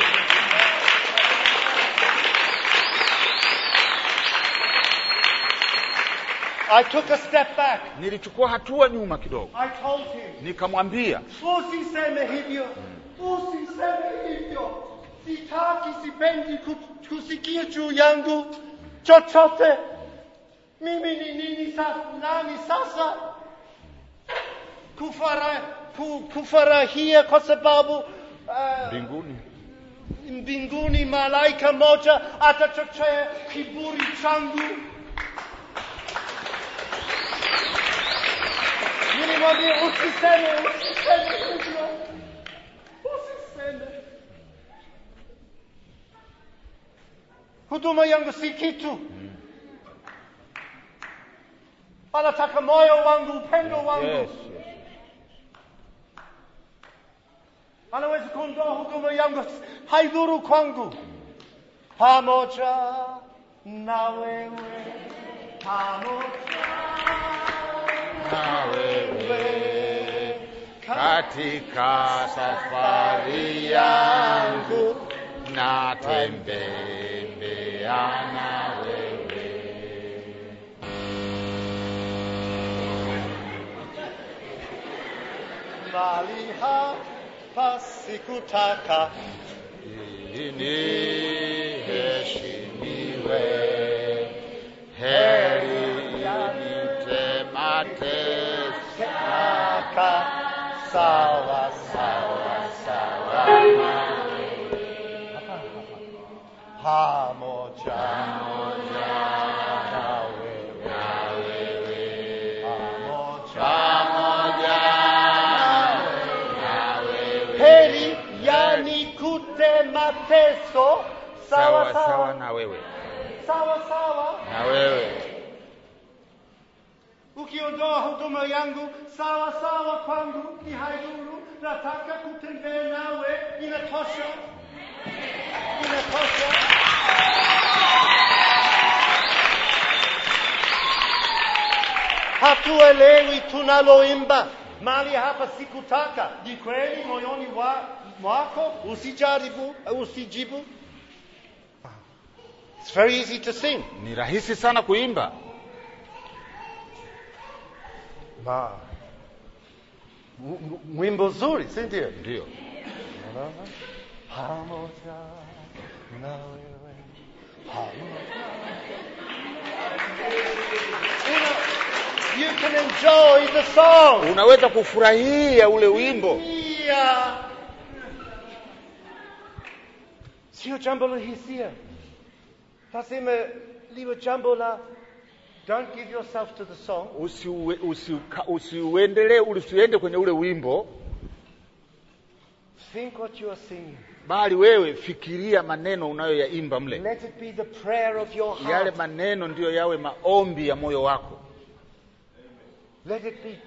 I took a step back. Nilichukua hatua nyuma kidogo, nikamwambia usiseme hivyo, usiseme hivyo sitaki, sipendi kusikia juu yangu chochote. Mimi ni nini sasa, nani sasa kufara, ku, kufarahia kwa sababu eh, mbinguni uh, mbinguni malaika moja atachochea kiburi changu. Nilimwambia usiseme, usiseme, usiseme. huduma yangu si kitu. Anataka moyo wangu, pendo wangu. Yes, yes. Anaweza kuondoa huduma yangu, haidhuru kwangu. Pamoja na wewe, pamoja katika safari yangu natembea Maliha pasikutaka iniheshimiwe heri Shaka, sawa sawa sawa hamo heri yanikute mateso sawa sawa na wewe sawa sawa na wewe ukiondoa huduma yangu sawa sawa kwangu ni haiduru nataka kutembea nawe inatosha inatosha hatuelewi tunaloimba mali hapa sikutaka. Ni kweli moyoni wa, mwako usijaribu, usijibu. It's very easy to sing. Ni rahisi sana kuimba. Ma. Mwimbo zuri, si ndio? Ndio. Pamoja na wewe. Pamoja. You can enjoy the song. Unaweza kufurahia ule wimbo. Sio jambo la hisia. Tasema liwe jambo la Don't give yourself to the song. Usiuendelee usi, usi, usiende kwenye ule wimbo. Think what you are singing. Bali wewe fikiria maneno unayoyaimba mle. Let it be the prayer of your heart. Yale maneno ndiyo yawe maombi ya moyo wako. Let it be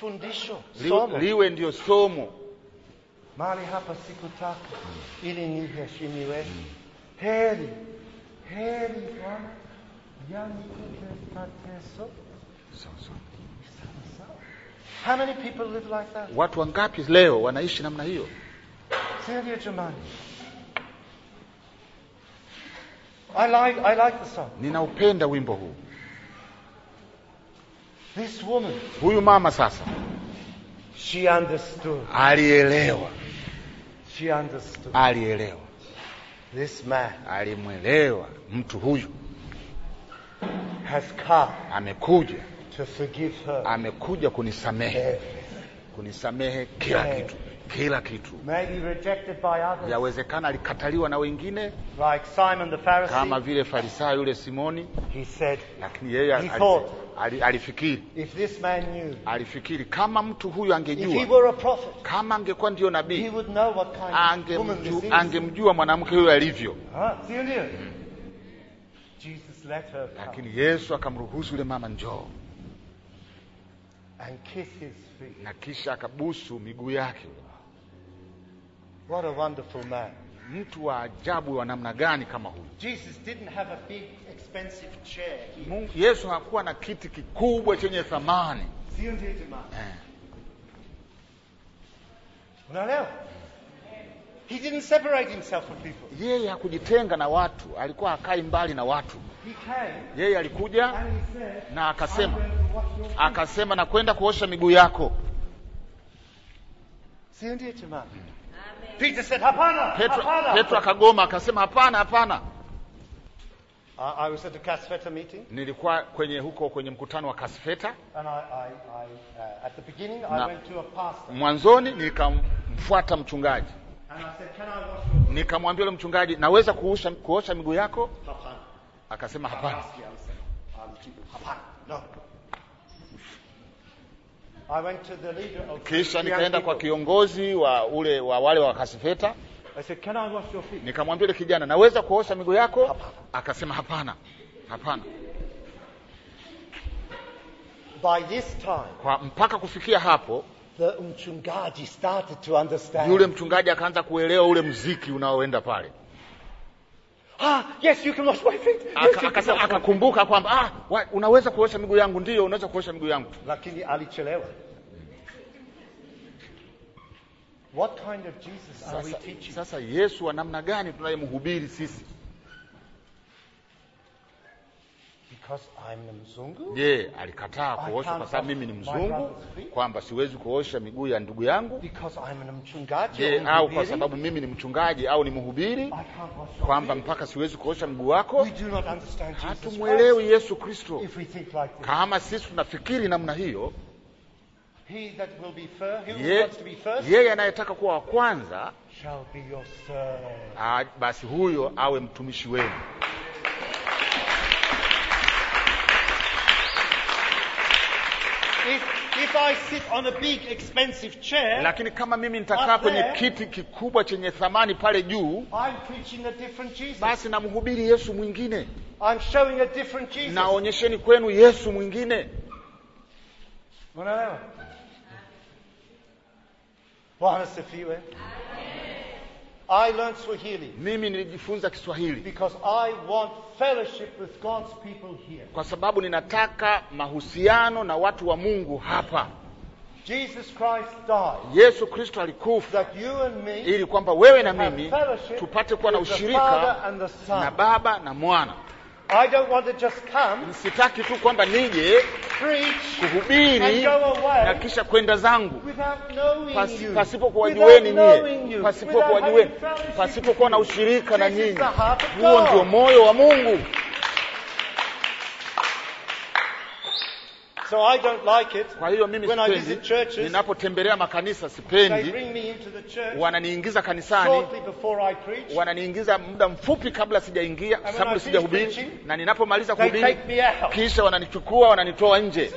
fundisho, somo. Liwe ndio somo. Mahali hapa sikutaka ili niheshimiwe. Heri, heri kwa mateso. How many people live like that? Watu wangapi leo wanaishi namna hiyo? Sivyo jamani? I like, I like the song. Ninaupenda wimbo huu. This woman, huyu mama sasa she understood. Alielewa, she understood. Alielewa, this man alimwelewa mtu huyu has come, amekuja to forgive her, amekuja kunisamehe, kunisamehe kila kitu kila kitu. Yawezekana alikataliwa na wengine like Simon the Pharisee, kama vile Farisayo yule Simoni he said, lakini yeye alifikiri If this man knew, alifikiri kama mtu huyu angejua, if he were a prophet, kama angekuwa ndiyo nabii angemjua mwanamke huyu alivyo. Lakini Yesu akamruhusu yule mama njoo, and kiss his feet, na kisha akabusu miguu yake. What a wonderful man! mtu wa ajabu wa namna gani kama huyu. Jesus didn't have a big expensive chair here. Mungu, Yesu hakuwa na kiti kikubwa chenye thamani. Eh. Unaelewa? He didn't separate himself from people. Yeye hakujitenga na watu, alikuwa hakai mbali na watu. Yeye alikuja na akasema, akasema nakwenda kuosha miguu yako. Sio jamaa? Hmm. Peter said, hapana, Petro, hapana. Petro akagoma akasema hapana, hapana. I was at the Casfeta meeting. Nilikuwa kwenye huko kwenye mkutano wa Casfeta. And I, I, I, uh, at the beginning na, I went to a pastor. Mwanzoni nikamfuata mchungaji. And I said, can I wash your... Nikamwambia yule mchungaji, naweza kuosha kuosha miguu yako? Hapana. Akasema hapana. Hapana. No. Kisha nikaenda kwa kiongozi wa ule wa wale wa Kasifeta, nikamwambia yule kijana, naweza kuosha miguu yako Akasema hapana, hapana. By this time, kwa mpaka kufikia hapo the mchungaji started to understand. Yule mchungaji akaanza kuelewa ule mziki unaoenda pale ah, yes you can wash my feet. Yes, akakumbuka kwamba ah, unaweza kuosha miguu yangu, ndio unaweza kuosha miguu yangu, lakini alichelewa. What kind of Jesus sasa, are we teaching? Sasa Yesu wa namna gani tunayemhubiri sisi? Je, alikataa kuoshwa kwa sababu mimi ni mzungu, kwamba siwezi kuosha miguu ya ndugu yangu? Je, au kwa sababu mimi ni mchungaji au ni mhubiri, kwamba mpaka siwezi kuosha mguu wako? Hatumwelewi Yesu Kristo like kama sisi tunafikiri namna hiyo. Yeye anayetaka kuwa wa kwanza, ah, basi huyo awe mtumishi wenu. if I sit on a big expensive chair, lakini kama mimi nitakaa kwenye kiti kikubwa chenye thamani pale juu, Basi namhubiri Yesu mwingine, Naonyesheni kwenu Yesu mwingine. I learned Swahili. Mimi nilijifunza Kiswahili. Because I want fellowship with God's people here. Kwa sababu ninataka mahusiano na watu wa Mungu hapa. Jesus Christ died. Yesu Kristo alikufa That you and me. ili kwamba wewe na mimi tupate kuwa na ushirika na Baba na Mwana. I don't want to just come, msitaki tu kwamba nije kuhubiri na kisha kwenda zangu pasipo kuwajueni nyie, pasipo kuwajueni, pasipokuwa na ushirika na nyinyi. Huo ndio moyo wa Mungu. So I don't like it. Kwa hiyo mimi sipendi, ninapotembelea makanisa sipendi, wananiingiza kanisani, wananiingiza muda mfupi kabla sijaingia, sababu sijahubiri, na ninapomaliza kuhubiri kisha wananichukua wananitoa nje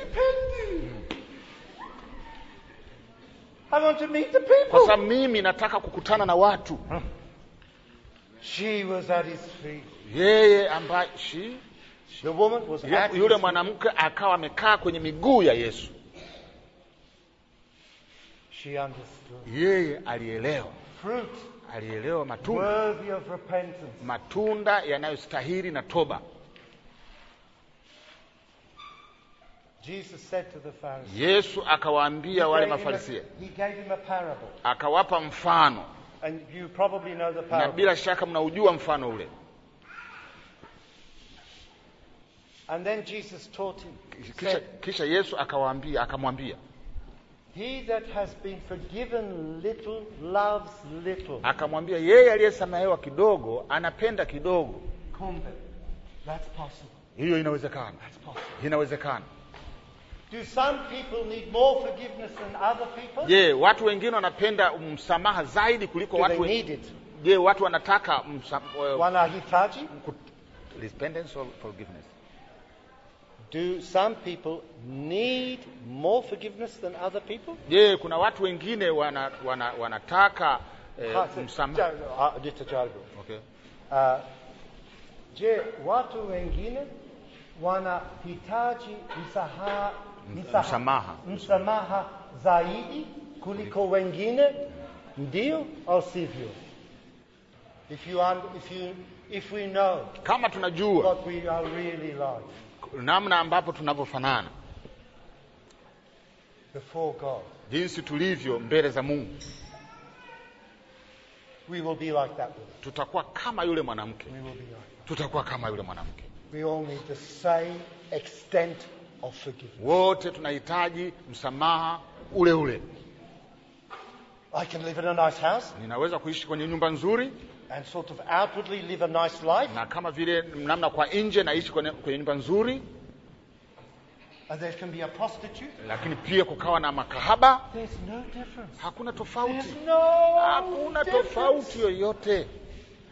kwa sababu mimi nataka kukutana na watu. She was at his feet. Yeye ambaye she The woman was yule mwanamke akawa amekaa kwenye miguu ya Yesu. She understood. Yeye alielewa. Fruit. Alielewa matunda. Worthy of repentance. Matunda yanayostahili na toba. Jesus said to the Pharisees. Yesu akawaambia wale mafarisia Akawapa mfano. And you probably know the parable. Na bila shaka mnaujua mfano ule. And then Jesus taught him, kisha, said, kisha Yesu akawaambia akamwambia akamwambia yeye aliyesamehewa kidogo anapenda kidogo. Hiyo inawezekana, inawezekana. Je, watu wengine wanapenda msamaha zaidi kuliko Do watu wengine? Je, watu wanataka msamaha, eh, wanahitaji repentance or forgiveness? Do some people need more forgiveness than other people? Je, kuna watu wengine wanataka eh, ah, msamaha? Ah, uh, je, watu wengine wanahitaji msamaha, msamaha zaidi kuliko wengine? Ndio au sivyo? If you, if you, if we know kama tunajua what we are really like namna ambapo tunavyofanana before God, jinsi tulivyo mbele za Mungu. We will be like that woman. Tutakuwa kama yule mwanamke, We will be like that. Tutakuwa kama yule mwanamke. We all need the same extent of forgiveness. Wote tunahitaji msamaha ule ule. I can live in a nice house. Ninaweza kuishi kwenye nyumba nzuri and sort of outwardly live a nice life. Na kama vile namna kwa nje naishi kwenye, nyumba nzuri. And there can be a prostitute. Lakini pia kukawa na makahaba. There's no difference. Hakuna tofauti. No Hakuna tofauti yoyote.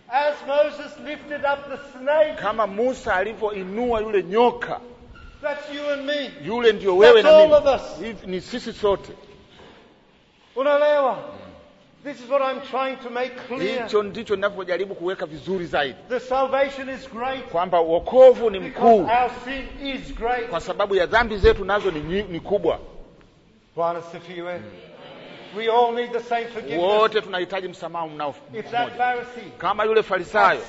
As Moses lifted up the snake. Kama Musa alivyoinua yule nyoka. That's you and me. Yule ndio wewe na mimi. Ni sisi sote. Unaelewa? This is what I'm trying to make clear. Hicho ndicho ninavyojaribu kuweka vizuri zaidi, The salvation is great kwamba wokovu ni mkuu our sin is great. kwa sababu ya dhambi zetu nazo ni, nyi- ni kubwa. Bwana asifiwe. We all need the same forgiveness. Wote tunahitaji msamaha mnao If that Pharisee Kama yule farisayo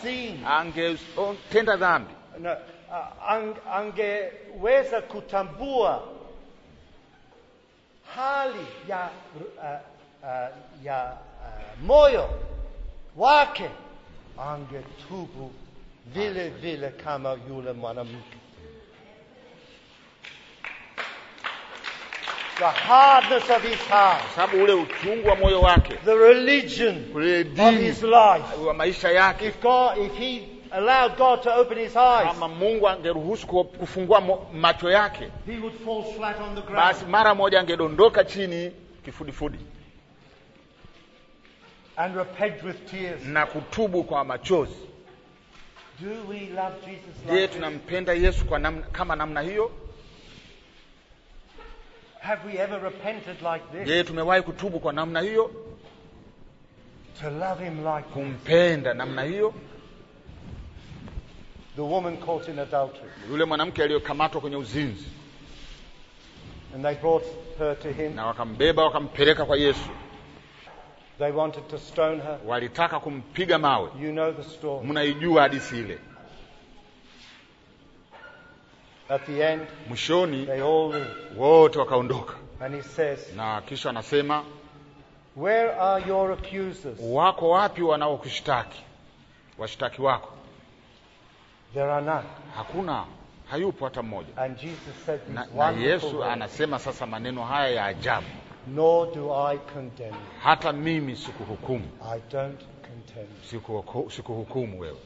angetenda oh, dhambi na, uh, angeweza kutambua hali ya uh, Uh, ya uh, moyo wake angetubu vile vile kama yule mwanamke. The hardness of his heart, sababu ule uchungu wa moyo wake, the religion of his life, wa maisha yake. If God, if he allowed God to open his eyes, kama Mungu angeruhusu kufungua macho yake, he would fall flat on the ground, basi mara moja angedondoka chini kifudifudi and repent with tears. na kutubu kwa machozi. Do we love Jesus like Je, tunampenda Yesu kwa namna, kama namna hiyo? Have we ever repented like this? Je, tumewahi kutubu kwa namna hiyo? To love him like kumpenda namna hiyo? The woman caught in adultery. Yule mwanamke aliyokamatwa kwenye uzinzi. And they brought her to him. Na wakambeba wakampeleka kwa Yesu. They wanted to stone her. Walitaka kumpiga mawe. You know the story. Mnaijua hadithi ile. At the end, mwishoni wote wakaondoka, And he says, na kisha anasema Where are your accusers? Wako wapi wanaokushtaki washtaki wako? There are none. Hakuna, hayupo hata mmoja. And Jesus said na, na Yesu anasema sasa maneno haya ya ajabu Nor do I condemn. you. Hata mimi sikuhukumu. I don't condemn. Sikuhukumu, sikuhukumu wewe.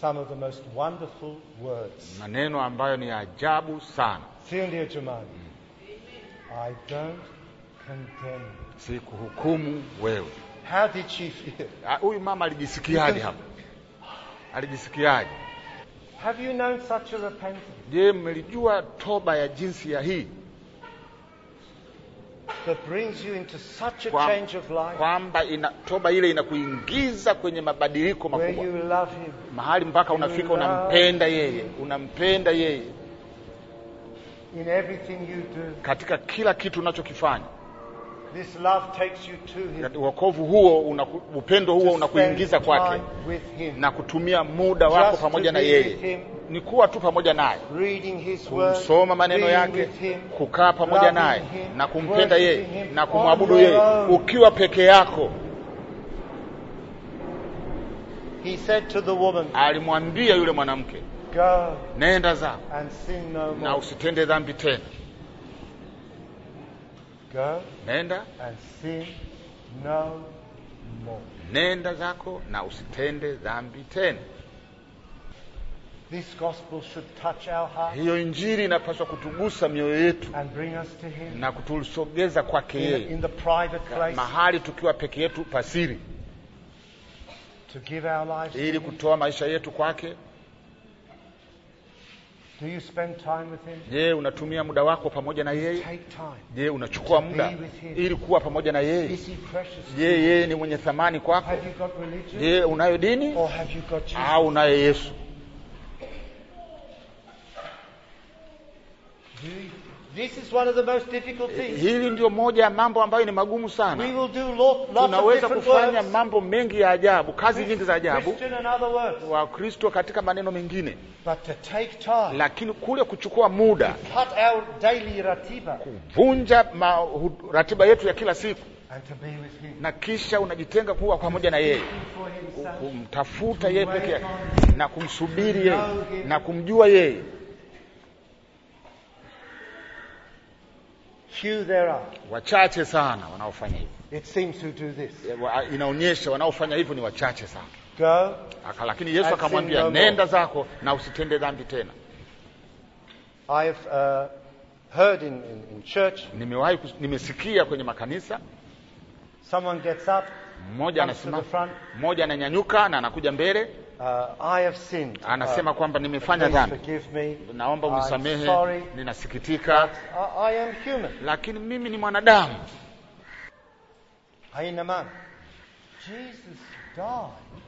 Some of the most wonderful words. Maneno ambayo ni ajabu sana. Sio ndio jamani? Mm. I don't condemn. you. Sikuhukumu wewe. How did she feel? Ah, huyu mama alijisikiaje hapa? Alijisikiaje? Have you known such a repentance? Je, mmelijua toba ya jinsi ya hii? that brings you into such a change of life, kwamba ina, toba ile inakuingiza kwenye mabadiliko makubwa mahali mpaka unafika unampenda yeye, unampenda yeye in everything you do. Katika kila kitu unachokifanya wokovu huo unaku, upendo huo unakuingiza kwake na kutumia muda wako pamoja na yeye ni kuwa tu pamoja naye, kumsoma maneno yake, kukaa pamoja naye na kumpenda yeye na kumwabudu yeye ukiwa peke yako. Alimwambia yule mwanamke, nenda zako na usitende dhambi tena. Nenda nenda zako na usitende dhambi tena. This gospel should touch our hearts, hiyo injili inapaswa kutugusa mioyo yetu and bring us to him, na kutusogeza kwake yeye, mahali tukiwa peke yetu pasiri, to give our lives ili kutoa maisha yetu kwake. Do you spend time with him? Je, unatumia muda wako pamoja na yeye? Je, unachukua muda ili kuwa pamoja na yeye? Je, yeye ni mwenye thamani kwako? Je, unayo dini au unayo Yesu? Eh, things. Hili ndio moja ya mambo ambayo ni magumu sana. tunaweza kufanya mambo mengi ya ajabu, kazi nyingi za ajabu Wakristo katika maneno mengine, lakini kule kuchukua muda kuvunja ratiba yetu ya kila siku Na kisha unajitenga kuwa pamoja na yeye, kumtafuta yeye peke yake na kumsubiri yeye na kumjua yeye Few there are. Wachache sana wanaofanya hivyo. It seems to do this. Eh, inaonyesha wanaofanya hivyo ni wachache sana. Go. Lakini Yesu akamwambia no nenda zako na usitende dhambi tena. I've uh, heard in, in, in church. Nimewahi nimesikia kwenye makanisa. Someone gets up mmoja anasimama, mmoja ananyanyuka na anakuja mbele uh, I have sinned. anasema uh, kwamba nimefanya dhambi, naomba unisamehe, ninasikitika, I am human. lakini mimi ni mwanadamu. Haina maana. Jesus died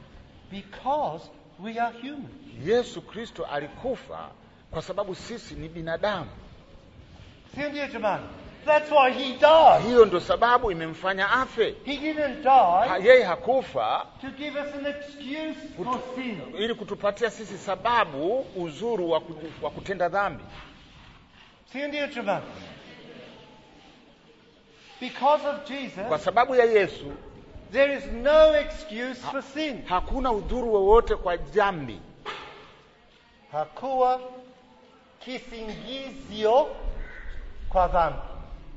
because we are human. Yesu Kristo alikufa kwa sababu sisi ni binadamu, si ndio jamani? That's why he died. Hiyo ndo sababu imemfanya afe. He didn't die ha, yeye hakufa to give us an excuse kutu, for sin. ili kutupatia sisi sababu uzuru wa, wa kutenda dhambi, si ndio jamani? Because of Jesus, kwa sababu ya Yesu there is no excuse ha, for sin. Hakuna udhuru wowote kwa dhambi, hakuwa kisingizio kwa dhambi.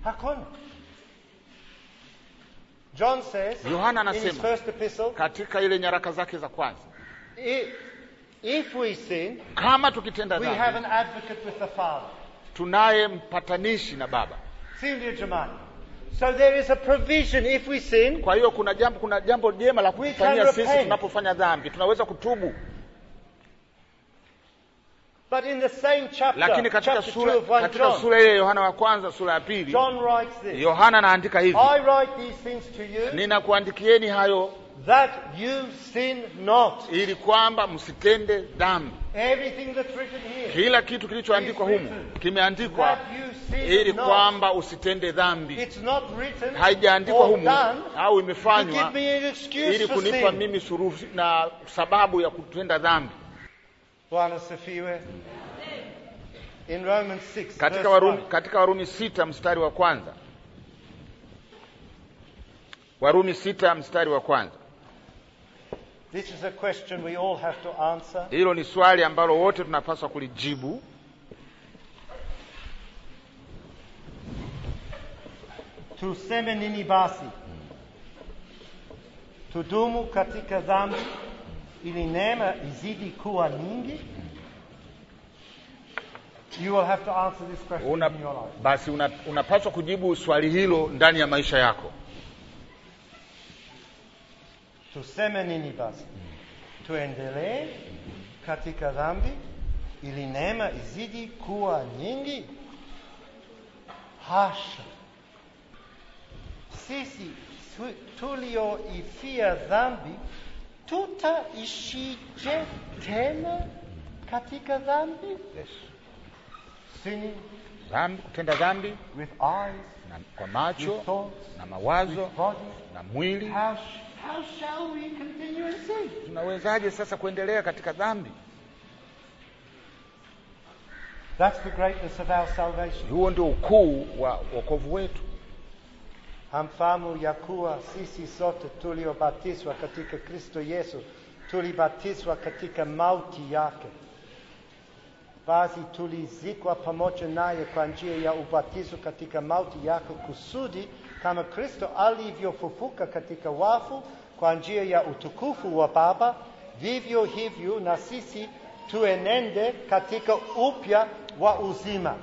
Hakuna. John says, Yohana anasema katika ile nyaraka zake za kwanza, if we sin, kama tukitenda dhambi, we have an advocate with the Father, tunaye mpatanishi na Baba. So there is a provision if we sin. Kwa hiyo kuna jambo kuna jambo jema la kufanyia sisi tunapofanya dhambi, tunaweza kutubu. But in the same chapter, lakini katika sura katika sura ile Yohana wa kwanza sura ya pili Yohana anaandika hivi, ninakuandikieni hayo that you sin not, ili kwamba msitende dhambi. kila kitu kilichoandikwa humu kimeandikwa ili kwamba usitende dhambi. Haijaandikwa humu au imefanywa ili kunipa mimi suruhu na sababu ya kutenda dhambi katika Warumi, katika Warumi sita mstari wa kwanza Warumi sita mstari wa kwanza This is a question we all have to answer. Hilo ni swali ambalo wote tunapaswa kulijibu. Tuseme nini basi? Tudumu katika dhambi ili nema izidi kuwa nyingi You will have to answer this question una, in your life. Basi una, unapaswa kujibu swali hilo ndani ya maisha yako. Tuseme nini basi? Tuendelee katika dhambi ili neema izidi kuwa nyingi? Hasha! Sisi tulioifia dhambi tutaishije tena katika dhambi? Yes. Sinning, dhambi, kutenda dhambi with eyes, na kwa macho with thoughts, na mawazo with body, na mwili. How, shall we continue in sin? Tunawezaje sasa kuendelea katika dhambi? That's the greatness of our salvation. Huo ndio ukuu wa wokovu wetu hamfamu ya kuwa sisi sote tuliobatizwa katika Kristo Yesu tulibatizwa katika mauti yake, basi tulizikwa pamoja naye kwa njia ya ubatizo katika mauti yake, kusudi kama Kristo alivyofufuka katika wafu kwa njia ya utukufu wa Baba, vivyo hivyo na sisi tuenende katika upya wa uzima.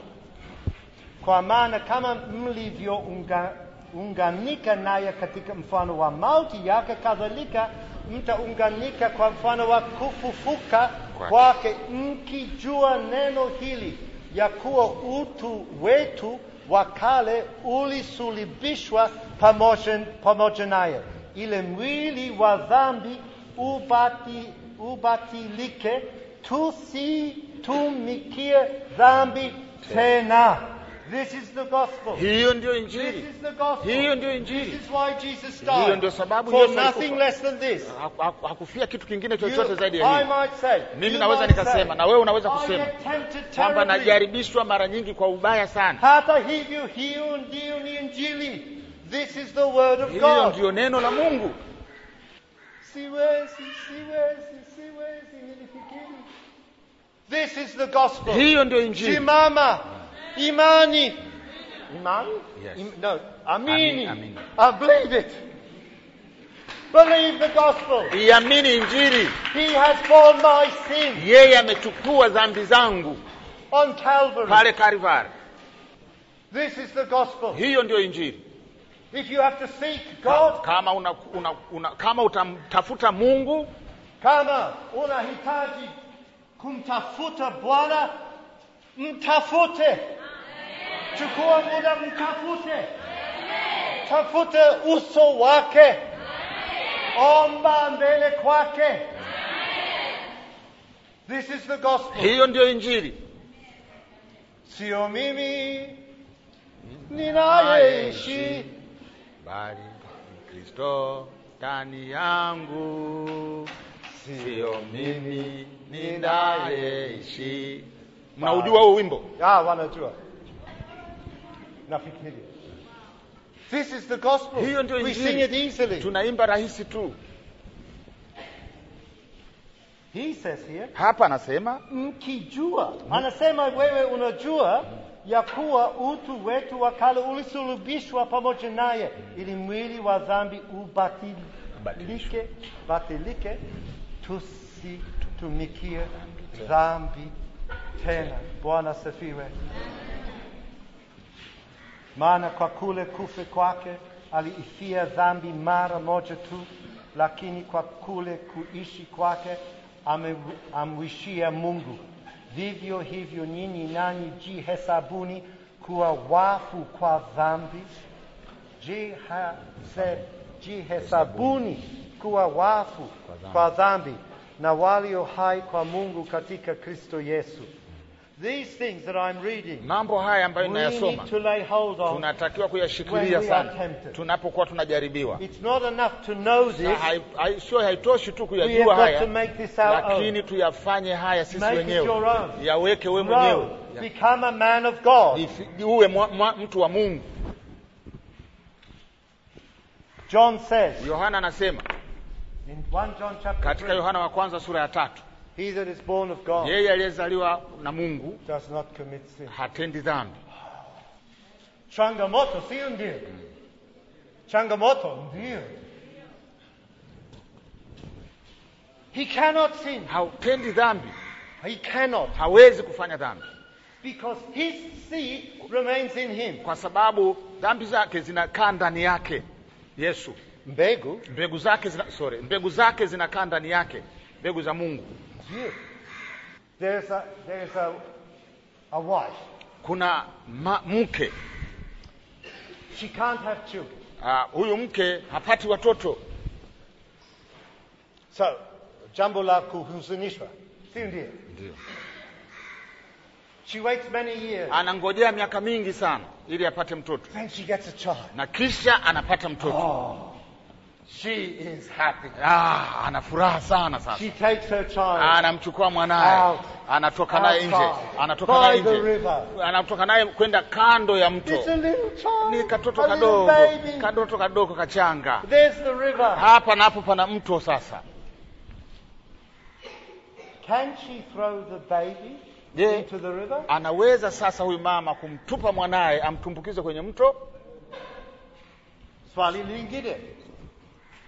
Kwa maana kama mlivyounga unganika naye katika mfano wa mauti yake, kadhalika mtaunganika kwa mfano wa kufufuka kwake, mkijua neno hili ya kuwa utu wetu wa kale ulisulibishwa pamoja, pamoja naye ile mwili wa dhambi ubati, ubatilike, tusitumikie dhambi tena. This is the gospel. Hiyo ndio Injili, This is the gospel. hiyo ndio Injili, This is why Jesus died. hiyo ndio sababu Yesu alikufa. nothing less than this. hakufia kitu kingine chochote zaidi ya hiyo. Mimi naweza nikasema, na wewe unaweza kusema kwamba najaribishwa mara nyingi kwa ubaya sana. Hata hivyo, hiyo ndio ni Injili, hiyo ndio neno la Mungu. Siwezi, siwezi, siwezi nilifikiri. Hiyo ndio Injili. Simama. Imani. Imani? Yes. Im, no, amini. Amin, amin. I believe it. Believe the gospel. Iamini Injili. He has borne my sin. Yeye amechukua dhambi zangu. On Calvary. Pale Kalvari. This is the gospel. Hiyo ndio Injili. If you have to seek God, kama una, una, una, kama utamtafuta Mungu, kama unahitaji kumtafuta Bwana, mtafute Chukua muda mtafute, tafute uso wake, omba mbele kwake. This is the gospel. Hiyo ndio Injili. Sio mimi ninayeishi, bali Kristo ndani yangu. Sio mimi ninayeishi. Mnaujua huo wimbo? Ah, wanajua nothing million. This is the gospel. Hiyo ndio We sing it easily. Tunaimba rahisi tu. He says here, hapa anasema mkijua, anasema wewe unajua ya kuwa utu wetu wa kale ulisulubishwa pamoja naye ili mwili wa dhambi ubatilike, batilike, tusitumikie dhambi tena. Bwana sifiwe maana kwa kule kufe kwake aliifia dhambi mara moja tu, lakini kwa kule kuishi kwake amwishia Mungu. Vivyo hivyo nyinyi nanyi jihesabuni kuwa wafu kwa dhambi, jihesabuni kuwa wafu kwa dhambi na walio hai kwa Mungu katika Kristo Yesu. These things that I'm reading, mambo haya ambayo inayasoma tunatakiwa kuyashikilia sana tunapokuwa tunajaribiwa. Sio, haitoshi tu kuyajua haya, lakini tuyafanye haya sisi wenyewe, yaweke we mwenyewe, uwe mtu wa Mungu. Yohana anasema katika Yohana wa kwanza sura ya tatu He that is born of God yeye aliyezaliwa na Mungu does not commit sin. hatendi dhambi. Changamoto sio ndio? Changamoto ndio. He cannot sin. Hautendi dhambi. He cannot. Hawezi kufanya dhambi. Because his seed remains in him. Kwa sababu dhambi zake zinakaa ndani yake. Yesu. Mbegu, mbegu zake zina, sorry, mbegu zake zinakaa ndani yake. Mbegu za Mungu there's a, there's a, a wife. Kuna ma, mke. She can't have children. Ah, huyu mke hapati watoto. So, jambo la kuhuzunishwa, si ndio? Ndio. She waits many years. Anangojea miaka mingi sana ili apate mtoto. Then she gets a child. Na kisha anapata mtoto. Oh. She is happy. Ah, ana furaha sana sasa. She takes her child. Ah, Anamchukua mwanaye. Anatoka naye nje. Anatoka naye nje. Anatoka naye kwenda kando ya mto. It's a little child. Ni katoto kadogo. Kadoto kadogo kachanga. There's the river. Hapa na hapo pana mto sasa. Can she throw the baby? Je, into the river? Anaweza sasa huyu mama kumtupa mwanaye amtumbukize kwenye mto? Swali lingine.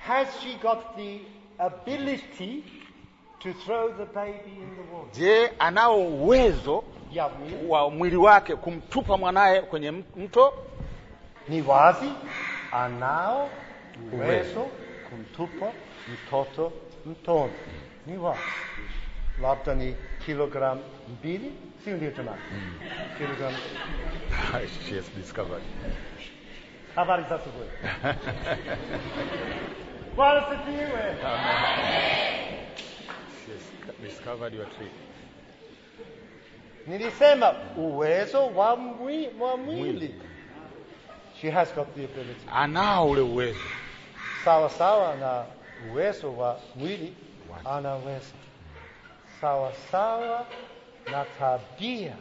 Has she got the ability to throw the baby in the water? Je, anao uwezo wa mwili wake kumtupa mwanaye kwenye mto? Ni wazi anao uwezo kumtupa mtoto mtoni. Ni wazi, labda ni kilogram mbili, sio ndio? Tuna mm. kilogram *laughs* habari za asubuhi *laughs* Bwana Nilisema uwezo wa mwi, wa mwili. She has got the ability. Anao ule uwezo. Sawa sawa na uwezo wa mwili anaweza. Sawa sawa na tabia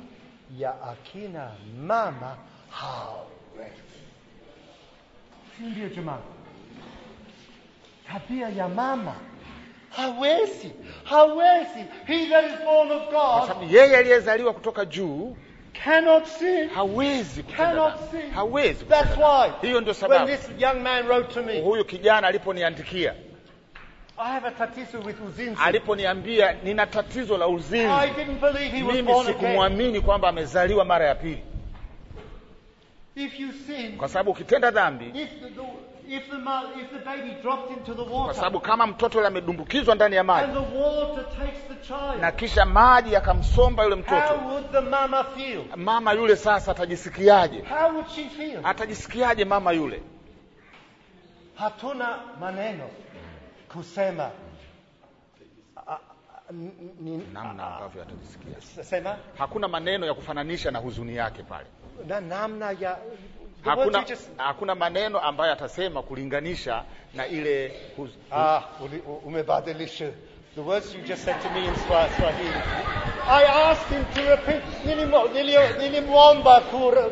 ya akina mama hawezi. Ndio jamani tabia ya mama hawezi, hawezi. He that is born of God, kwa sababu yeye aliyezaliwa kutoka juu cannot sin, hawezi cannot sin, hawezi. That's why, hiyo ndio sababu when this young man wrote to me, huyu kijana aliponiandikia I have a tatizo with uzinzi. Aliponiambia nina tatizo la uzinzi. I didn't believe he was mimi sikumwamini kwamba amezaliwa mara ya pili, kwa sababu ukitenda dhambi kwa sababu kama mtoto yule amedumbukizwa ndani ya maji na kisha maji yakamsomba yule mtoto, mama, mama yule sasa atajisikiaje? Atajisikiaje mama yule? Hatuna maneno kusema namna ambavyo atajisikia. Sema, hakuna maneno ya kufananisha na huzuni yake pale na namna ya hakuna, hakuna maneno ambayo atasema kulinganisha na ile huz, Ah, umebadilisha the words you just said to me in Swahili. I asked him to repeat, nilimwomba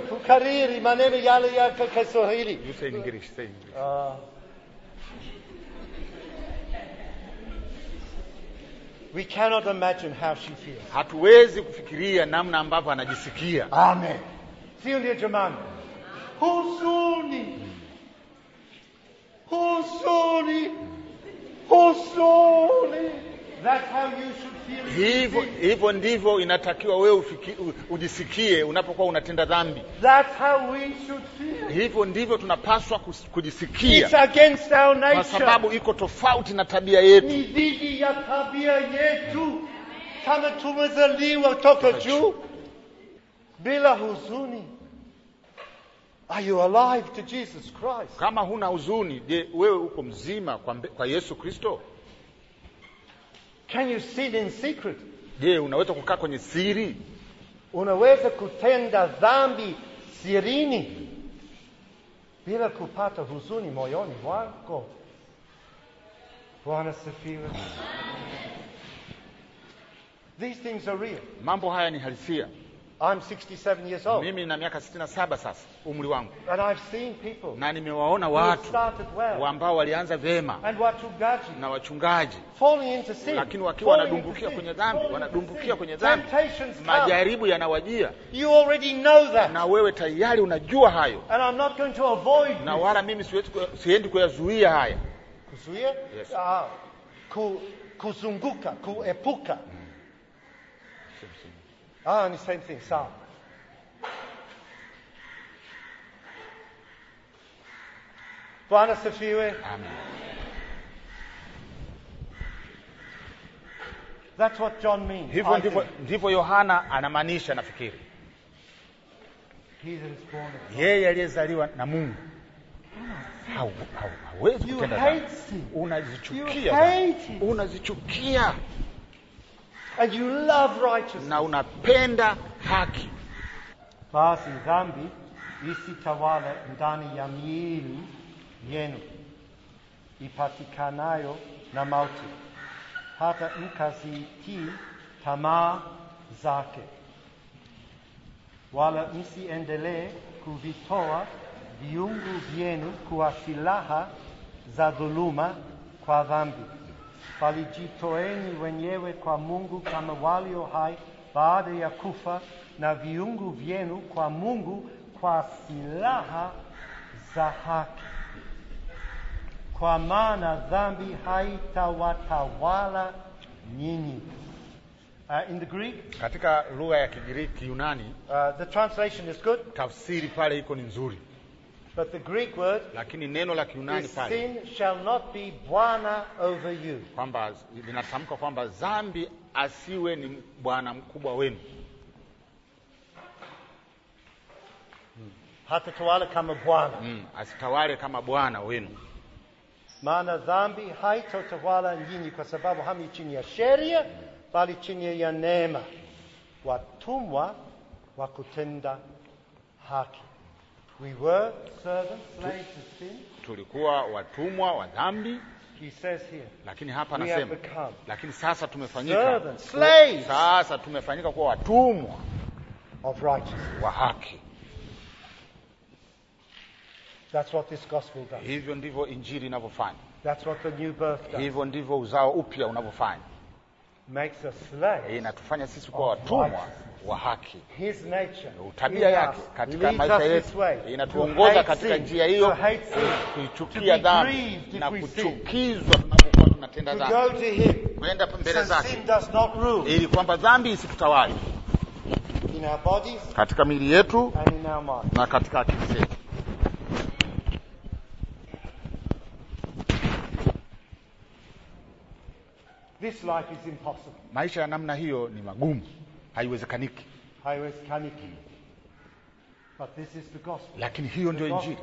kukariri maneno yale ya Kiswahili. You say in English, say in English. Ah. We cannot imagine how she feels. Hatuwezi kufikiria namna ambavyo anajisikia. Amen. Sio ndio jamani? 本当に本当に本当に hivyo hivyo ndivyo inatakiwa wewe ujisikie unapokuwa unatenda dhambi. Hivyo ndivyo tunapaswa kujisikia, kwa sababu iko tofauti na tabia yetu. Ni dhidi ya tabia yetu, kama tumezaliwa toka juu bila huzuni Are you alive to Jesus Christ? Kama huna huzuni, je, wewe uko mzima kwa, mbe, kwa Yesu Kristo? Can you sin in secret? Je, unaweza kukaa kwenye siri? Unaweza kutenda dhambi sirini bila kupata huzuni moyoni mwako. Bwana sifiwe. These things are real. Mambo haya ni halisia. I'm 67 years old. Mimi na miaka 67 sasa umri wangu. And I've seen people. Na nimewaona watu well, ambao walianza vyema na wachungaji lakini wakiwa wanadumbukia kwenye dhambi, wanadumbukia kwenye dhambi. Majaribu yanawajia. Na wewe tayari unajua hayo. And I'm not going to avoid. Na wala mimi siendi kuyazuia haya. Kuzuia? Yes. Uh, ku, kuzunguka, kuepuka. Ah, only same thing, sound. Bwana sifiwe. Amen. That's what John means. Hivyo ndivyo, ndivyo Yohana anamaanisha nafikiri. Yeye aliyezaliwa na Mungu hawezi kutenda dhambi. Unazichukia, unazichukia And you love righteousness. Na unapenda haki. Basi dhambi isitawale ndani ya miili yenu ipatikanayo na mauti, hata mkazitii tamaa zake, wala msiendelee kuvitoa viungu vyenu kuwa silaha za dhuluma kwa dhambi walijitoeni wenyewe kwa Mungu kama walio hai baada ya kufa na viungu vyenu kwa Mungu kwa silaha za haki, kwa maana dhambi haitawatawala nyinyi. Uh, in the Greek, katika lugha ya Kigiriki Yunani, uh, the translation is good. Tafsiri pale iko ni nzuri But the Greek word lakini neno la Kiunani pale sin shall not be bwana over you. kwamba linatamka kwamba zambi asiwe ni bwana mkubwa wenu, hmm. hatatawale kama bwana, mm, asitawale kama bwana wenu, maana dhambi haitotawala nyinyi, kwa sababu hami chini ya sheria, bali chini ya neema, watumwa wa kutenda haki. We were servants, slaves of sin. Tulikuwa watumwa wa dhambi. He says here, lakini hapa anasema lakini sasa tumefanyika servants, slaves, sasa tumefanyika kuwa watumwa of righteousness, wa haki. That's what this gospel does. Hivyo ndivyo injili inavyofanya. That's what the new birth does. Hivyo ndivyo uzao upya unavyofanya. Makes us slaves. Inatufanya sisi kuwa watumwa wa haki. His nature, tabia yake katika maisha yetu inatuongoza katika njia hiyo, kuichukia dhambi na kuchukizwa tunapokuwa tunatenda dhambi, kwenda mbele zake ili kwamba dhambi isitutawale katika miili yetu na katika akili zetu. Maisha ya namna hiyo ni magumu haiwezekaniki. Lakini hiyo ndio injili,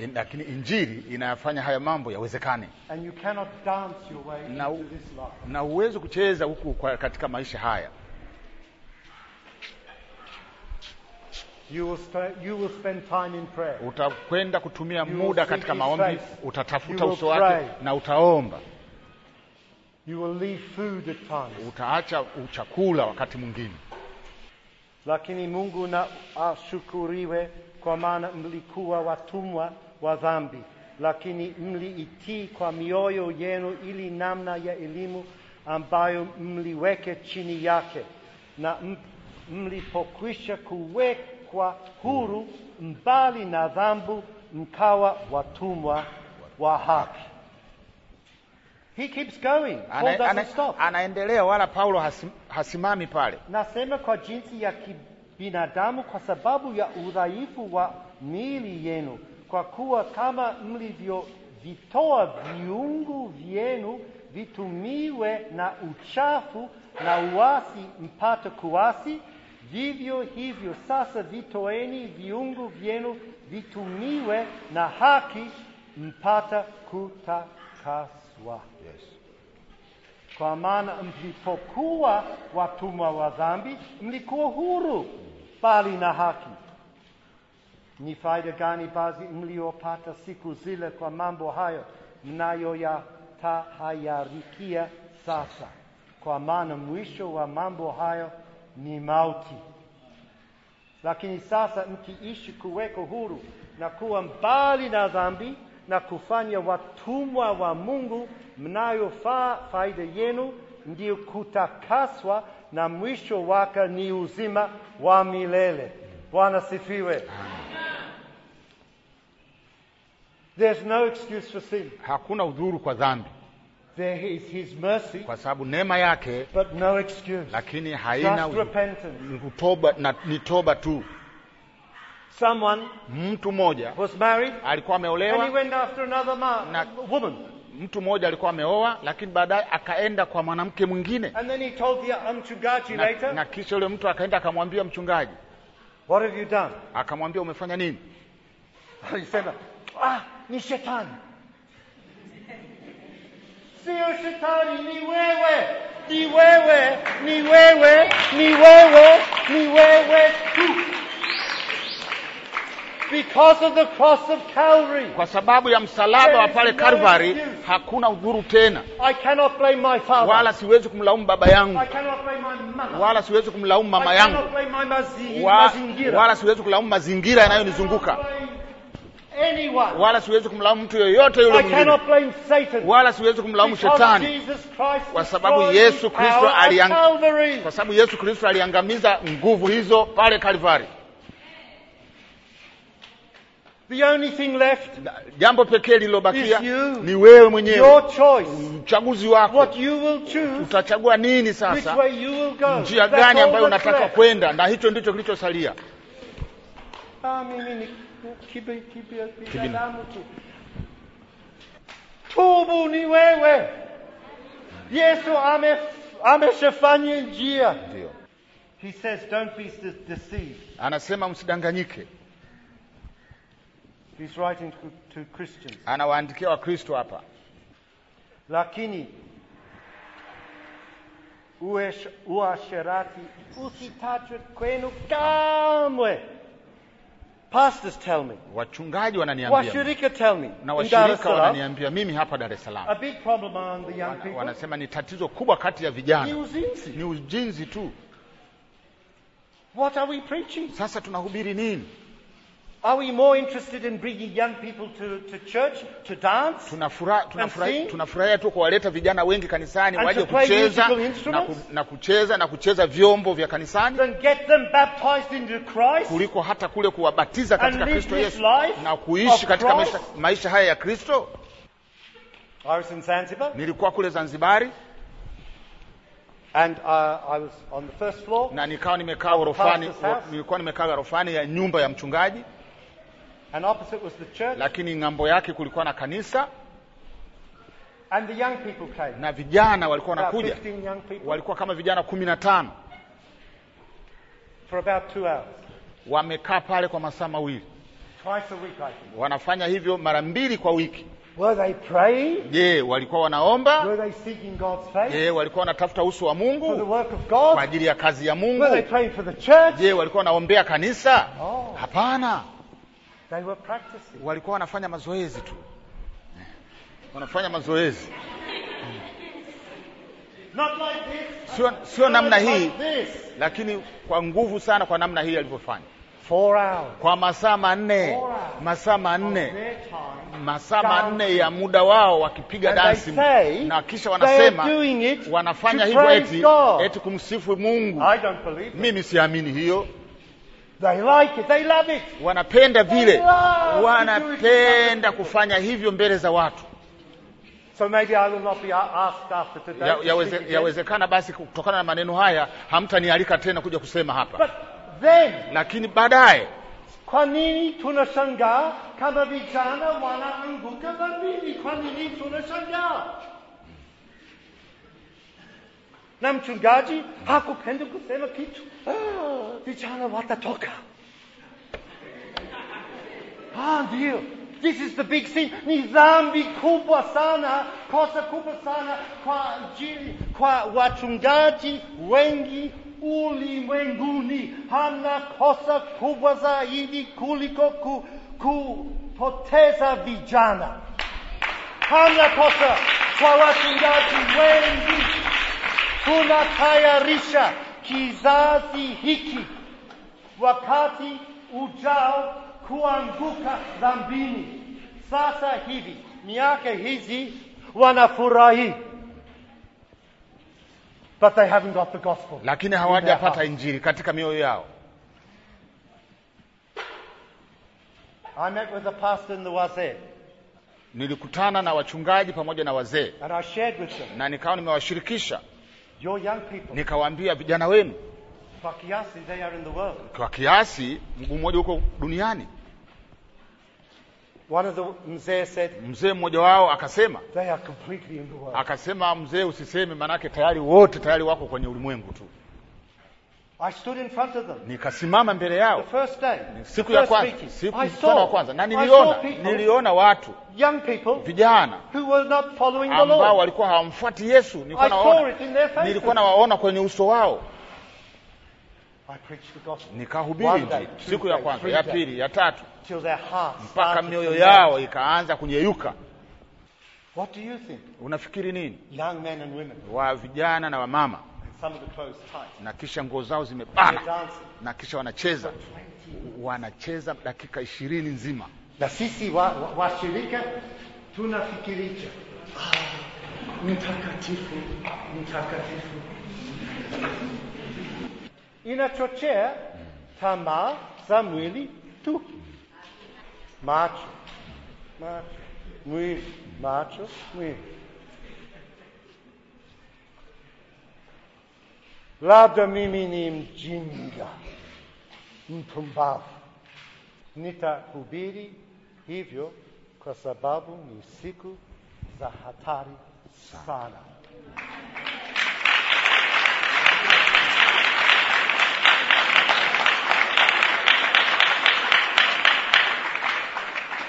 eh, lakini injili inayafanya haya mambo yawezekane, na uwezi kucheza huku katika maisha haya. Utakwenda kutumia muda katika maombi, utatafuta uso wake na utaomba You will leave food at times. Utaacha chakula wakati mwingine, lakini Mungu na ashukuriwe kwa maana mlikuwa watumwa wa dhambi, lakini mliitii kwa mioyo yenu ili namna ya elimu ambayo mliweke chini yake, na mlipokwisha kuwekwa huru mbali na dhambu mkawa watumwa wa haki. He keeps going. Paul ana, doesn't ana, stop. Anaendelea wala Paulo hasim, hasimami pale. Nasema kwa jinsi ya kibinadamu kwa sababu ya udhaifu wa miili yenu, kwa kuwa kama mlivyovitoa viungu vyenu vitumiwe na uchafu na uasi mpate kuasi, vivyo hivyo sasa vitoeni viungu vyenu vitumiwe na haki mpata kutakaswa wa. Yes. Kwa maana mlipokuwa watumwa wa dhambi, mlikuwa huru bali na haki. Ni faida gani basi mliopata siku zile kwa mambo hayo mnayoyatahayarikia sasa? Kwa maana mwisho wa mambo hayo ni mauti. Lakini sasa mkiishi kuweko huru na kuwa mbali na dhambi na kufanya watumwa wa Mungu, mnayofaa faida yenu ndio kutakaswa, na mwisho wake ni uzima wa milele. Bwana sifiwe. There's no excuse for sin. Hakuna udhuru kwa dhambi. There is his mercy, kwa sababu neema yake, but no excuse. Lakini haina utoba na ni toba tu someone mtu mmoja was married alikuwa ameolewa and he went after another man, na, woman mtu mmoja alikuwa ameoa lakini baadaye akaenda kwa mwanamke mwingine and then he told the mchungaji na, later na kisha yule mtu akaenda akamwambia mchungaji what have you done akamwambia umefanya nini alisema *laughs* ah ni shetani sio shetani ni wewe ni wewe ni wewe ni wewe ni wewe tu Because of the cross of Calvary, kwa sababu ya msalaba wa pale Kalvari no hakuna udhuru tena. I cannot blame my father, wala siwezi kumlaumu baba yangu, I cannot blame my mother, wala siwezi kumlaumu mama yangu, Wa, wala siwezi kulaumu mazingira yanayonizunguka Anyone. Wala siwezi kumlaumu mtu yoyote yule mwingine, wala siwezi kumlaumu shetani, kwa sababu Yesu Kristo aliang... kwa sababu Yesu Kristo aliangamiza nguvu hizo pale Kalvari. The only thing left jambo pekee lililobakia ni wewe mwenyewe, your choice, uchaguzi wako. What you will choose, utachagua nini sasa, njia gani ambayo unataka kwenda, na hicho ndicho kilichosalia. Ah, Tubu ni wewe. Yesu ameshafanya njia. He says don't be deceived, anasema msidanganyike. He's writing to, to Christians. Anawaandikia Wakristo hapa. Lakini uasherati usitajwe kwenu kamwe. Pastors tell me. Wachungaji wananiambia. Washirika tell me. Na washirika wananiambia mimi hapa Dar es Salaam. A big problem among the young people. Wanasema ni tatizo kubwa kati ya vijana. Ni uzinzi. Ni uzinzi tu. What are we preaching? Sasa tunahubiri nini? Are we more interested in bringing young people to, to church, to dance? Tunafurahia tunafura, tunafura tu kuwaleta vijana wengi kanisani waje kucheza na, ku, na kucheza na kucheza vyombo vya kanisani. Then get them baptized into Christ. Kuliko hata kule kuwabatiza katika Kristo Yesu na kuishi katika maisha, maisha haya ya Kristo. I was in Zanzibar. Nilikuwa kule Zanzibari. And, uh, I was on the first floor. Na nikawa nimekaa ghorofani, nilikuwa nimekaa ghorofani ya nyumba ya mchungaji and opposite was the church, lakini ng'ambo yake kulikuwa na kanisa and the young people came. na vijana walikuwa wanakuja walikuwa kama vijana kumi na tano for about two hours. wamekaa pale kwa masaa mawili Twice a week, I think. wanafanya hivyo mara mbili kwa wiki Were they praying? je walikuwa wanaomba Were they seeking God's face je walikuwa wanatafuta uso wa Mungu? for the work of God? kwa ajili ya kazi ya Mungu? Were they praying for the church? je walikuwa wanaombea kanisa Oh. hapana They were practicing. Walikuwa wanafanya mazoezi tu, wanafanya mazoezi Not like this. Sio, sio namna hii lakini kwa nguvu sana, kwa namna hii alivyofanya kwa masaa manne masaa manne masaa manne ya muda wao wakipiga dansi, na kisha wanasema wanafanya hivyo eti, eti kumsifu Mungu. Mimi siamini hiyo. They like it. They love it. Wanapenda vile, wanapenda kufanya hivyo mbele za watu. So maybe I will not be asked after today. Ya, yaweze, yawezekana basi kutokana na maneno haya hamtanialika tena kuja kusema hapa. But then, lakini baadaye kwa nini tunashangaa kama vijana wanaanguka dhambi? Kwa nini tunashangaa? na mchungaji hakupenda kusema kitu. Vijana ah, watatoka. Ah, ndio. This is the big thing. Ni dhambi kubwa sana, kosa kubwa sana kwa ajili kwa wachungaji wengi ulimwenguni. hana kosa kubwa zaidi kuliko ku, kupoteza vijana. hana kosa kwa wachungaji wengi tunatayarisha kizazi hiki wakati ujao kuanguka dhambini. Sasa hivi miaka hizi wanafurahi, but they haven't got the gospel, lakini hawajapata injili katika mioyo yao. I met with a pastor and the wazee nilikutana na wachungaji pamoja na wazee, na nikawa nimewashirikisha nikawaambia vijana wenu kwa kiasi, mguu mmoja huko duniani. mzee mmoja wao akasema, Akasema mzee, usiseme, maanake tayari wote tayari wako kwenye ulimwengu tu. I stood in front of them. Nikasimama mbele yao the first day, siku ya wa kwanza, na niliona niliona watu young people, vijana who were not following the Lord, ambao walikuwa hawamfuati Yesu. Nilikuwa nawaona, kwenye uso wao. Nikahubiri Injili siku ya kwanza, ya pili, ya tatu, mpaka mioyo yao ikaanza kunyeyuka. What do you think? Unafikiri nini? Young men and women. Wa vijana na wamama na kisha nguo zao zimepana, na kisha wanacheza wanacheza dakika ishirini nzima, na sisi washirika wa, wa tunafikirisha ah, mtakatifu mtakatifu inachochea tamaa za mwili tu, macho macho mwili macho mwili labda mimi ni mjinga mpumbavu, nitahubiri hivyo kwa sababu ni siku za hatari sana.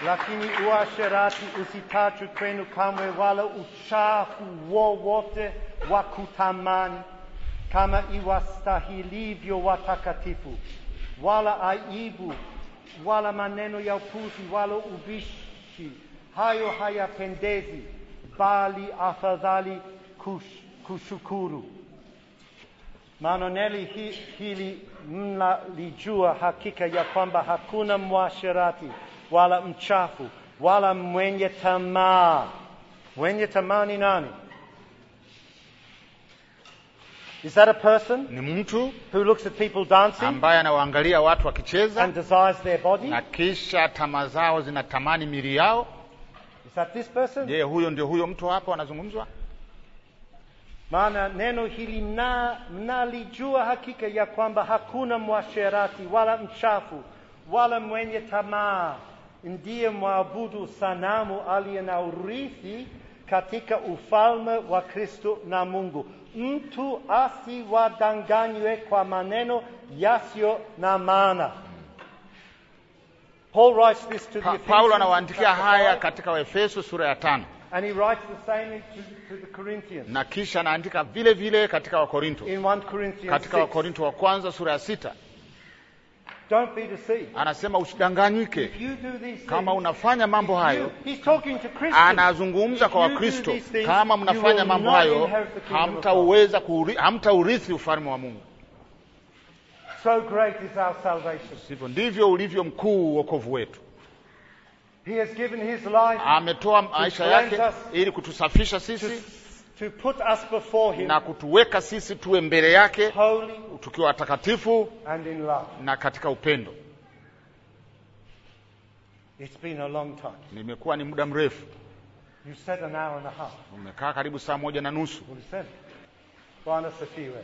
Lakini uasherati usitachu kwenu kamwe, wala uchafu wowote wa kutamani kama iwastahilivyo watakatifu, wala aibu wala maneno ya upuzi wala ubishi, hayo hayapendezi, bali afadhali kush, kushukuru. Manoneli hi, hili mnalijua hakika ya kwamba hakuna mwasherati wala mchafu wala mwenye tamaa. Mwenye tamaa ni nani? Is that a person ni mtu who looks at people dancing ambaye anawaangalia watu wakicheza and desires their body? na kisha tamaa zao zinatamani mili yao? Is that this person? Je, huyo ndio huyo mtu hapo anazungumzwa? Maana neno hili mna, mnalijua hakika ya kwamba hakuna mwasherati wala mchafu wala mwenye tamaa ndiye mwabudu sanamu aliye na urithi katika ufalme wa Kristo na Mungu mtu asiwadanganywe kwa maneno yasiyo na maana. Paul writes this to pa, the Paulo anawaandikia haya katika Waefeso sura ya tano And he writes the same to, to the Corinthians. Na kisha anaandika vile vile katika Wakorinto, katika Wakorinto wa kwanza sura ya sita Anasema usidanganyike. Kama unafanya mambo hayo, anazungumza kwa Wakristo, kama mnafanya mambo hayo, hamtauweza hamtaurithi ufalme wa Mungu. So great is our salvation. Sivyo ndivyo ulivyo mkuu uokovu wetu. ametoa maisha yake ili kutusafisha sisi to put us before him, na kutuweka sisi tuwe mbele yake tukiwa takatifu na katika upendo. It's been a long time. Nimekuwa ni muda mrefu. You said an hour and a half. Umekaa karibu saa moja na nusu. Bwana asifiwe.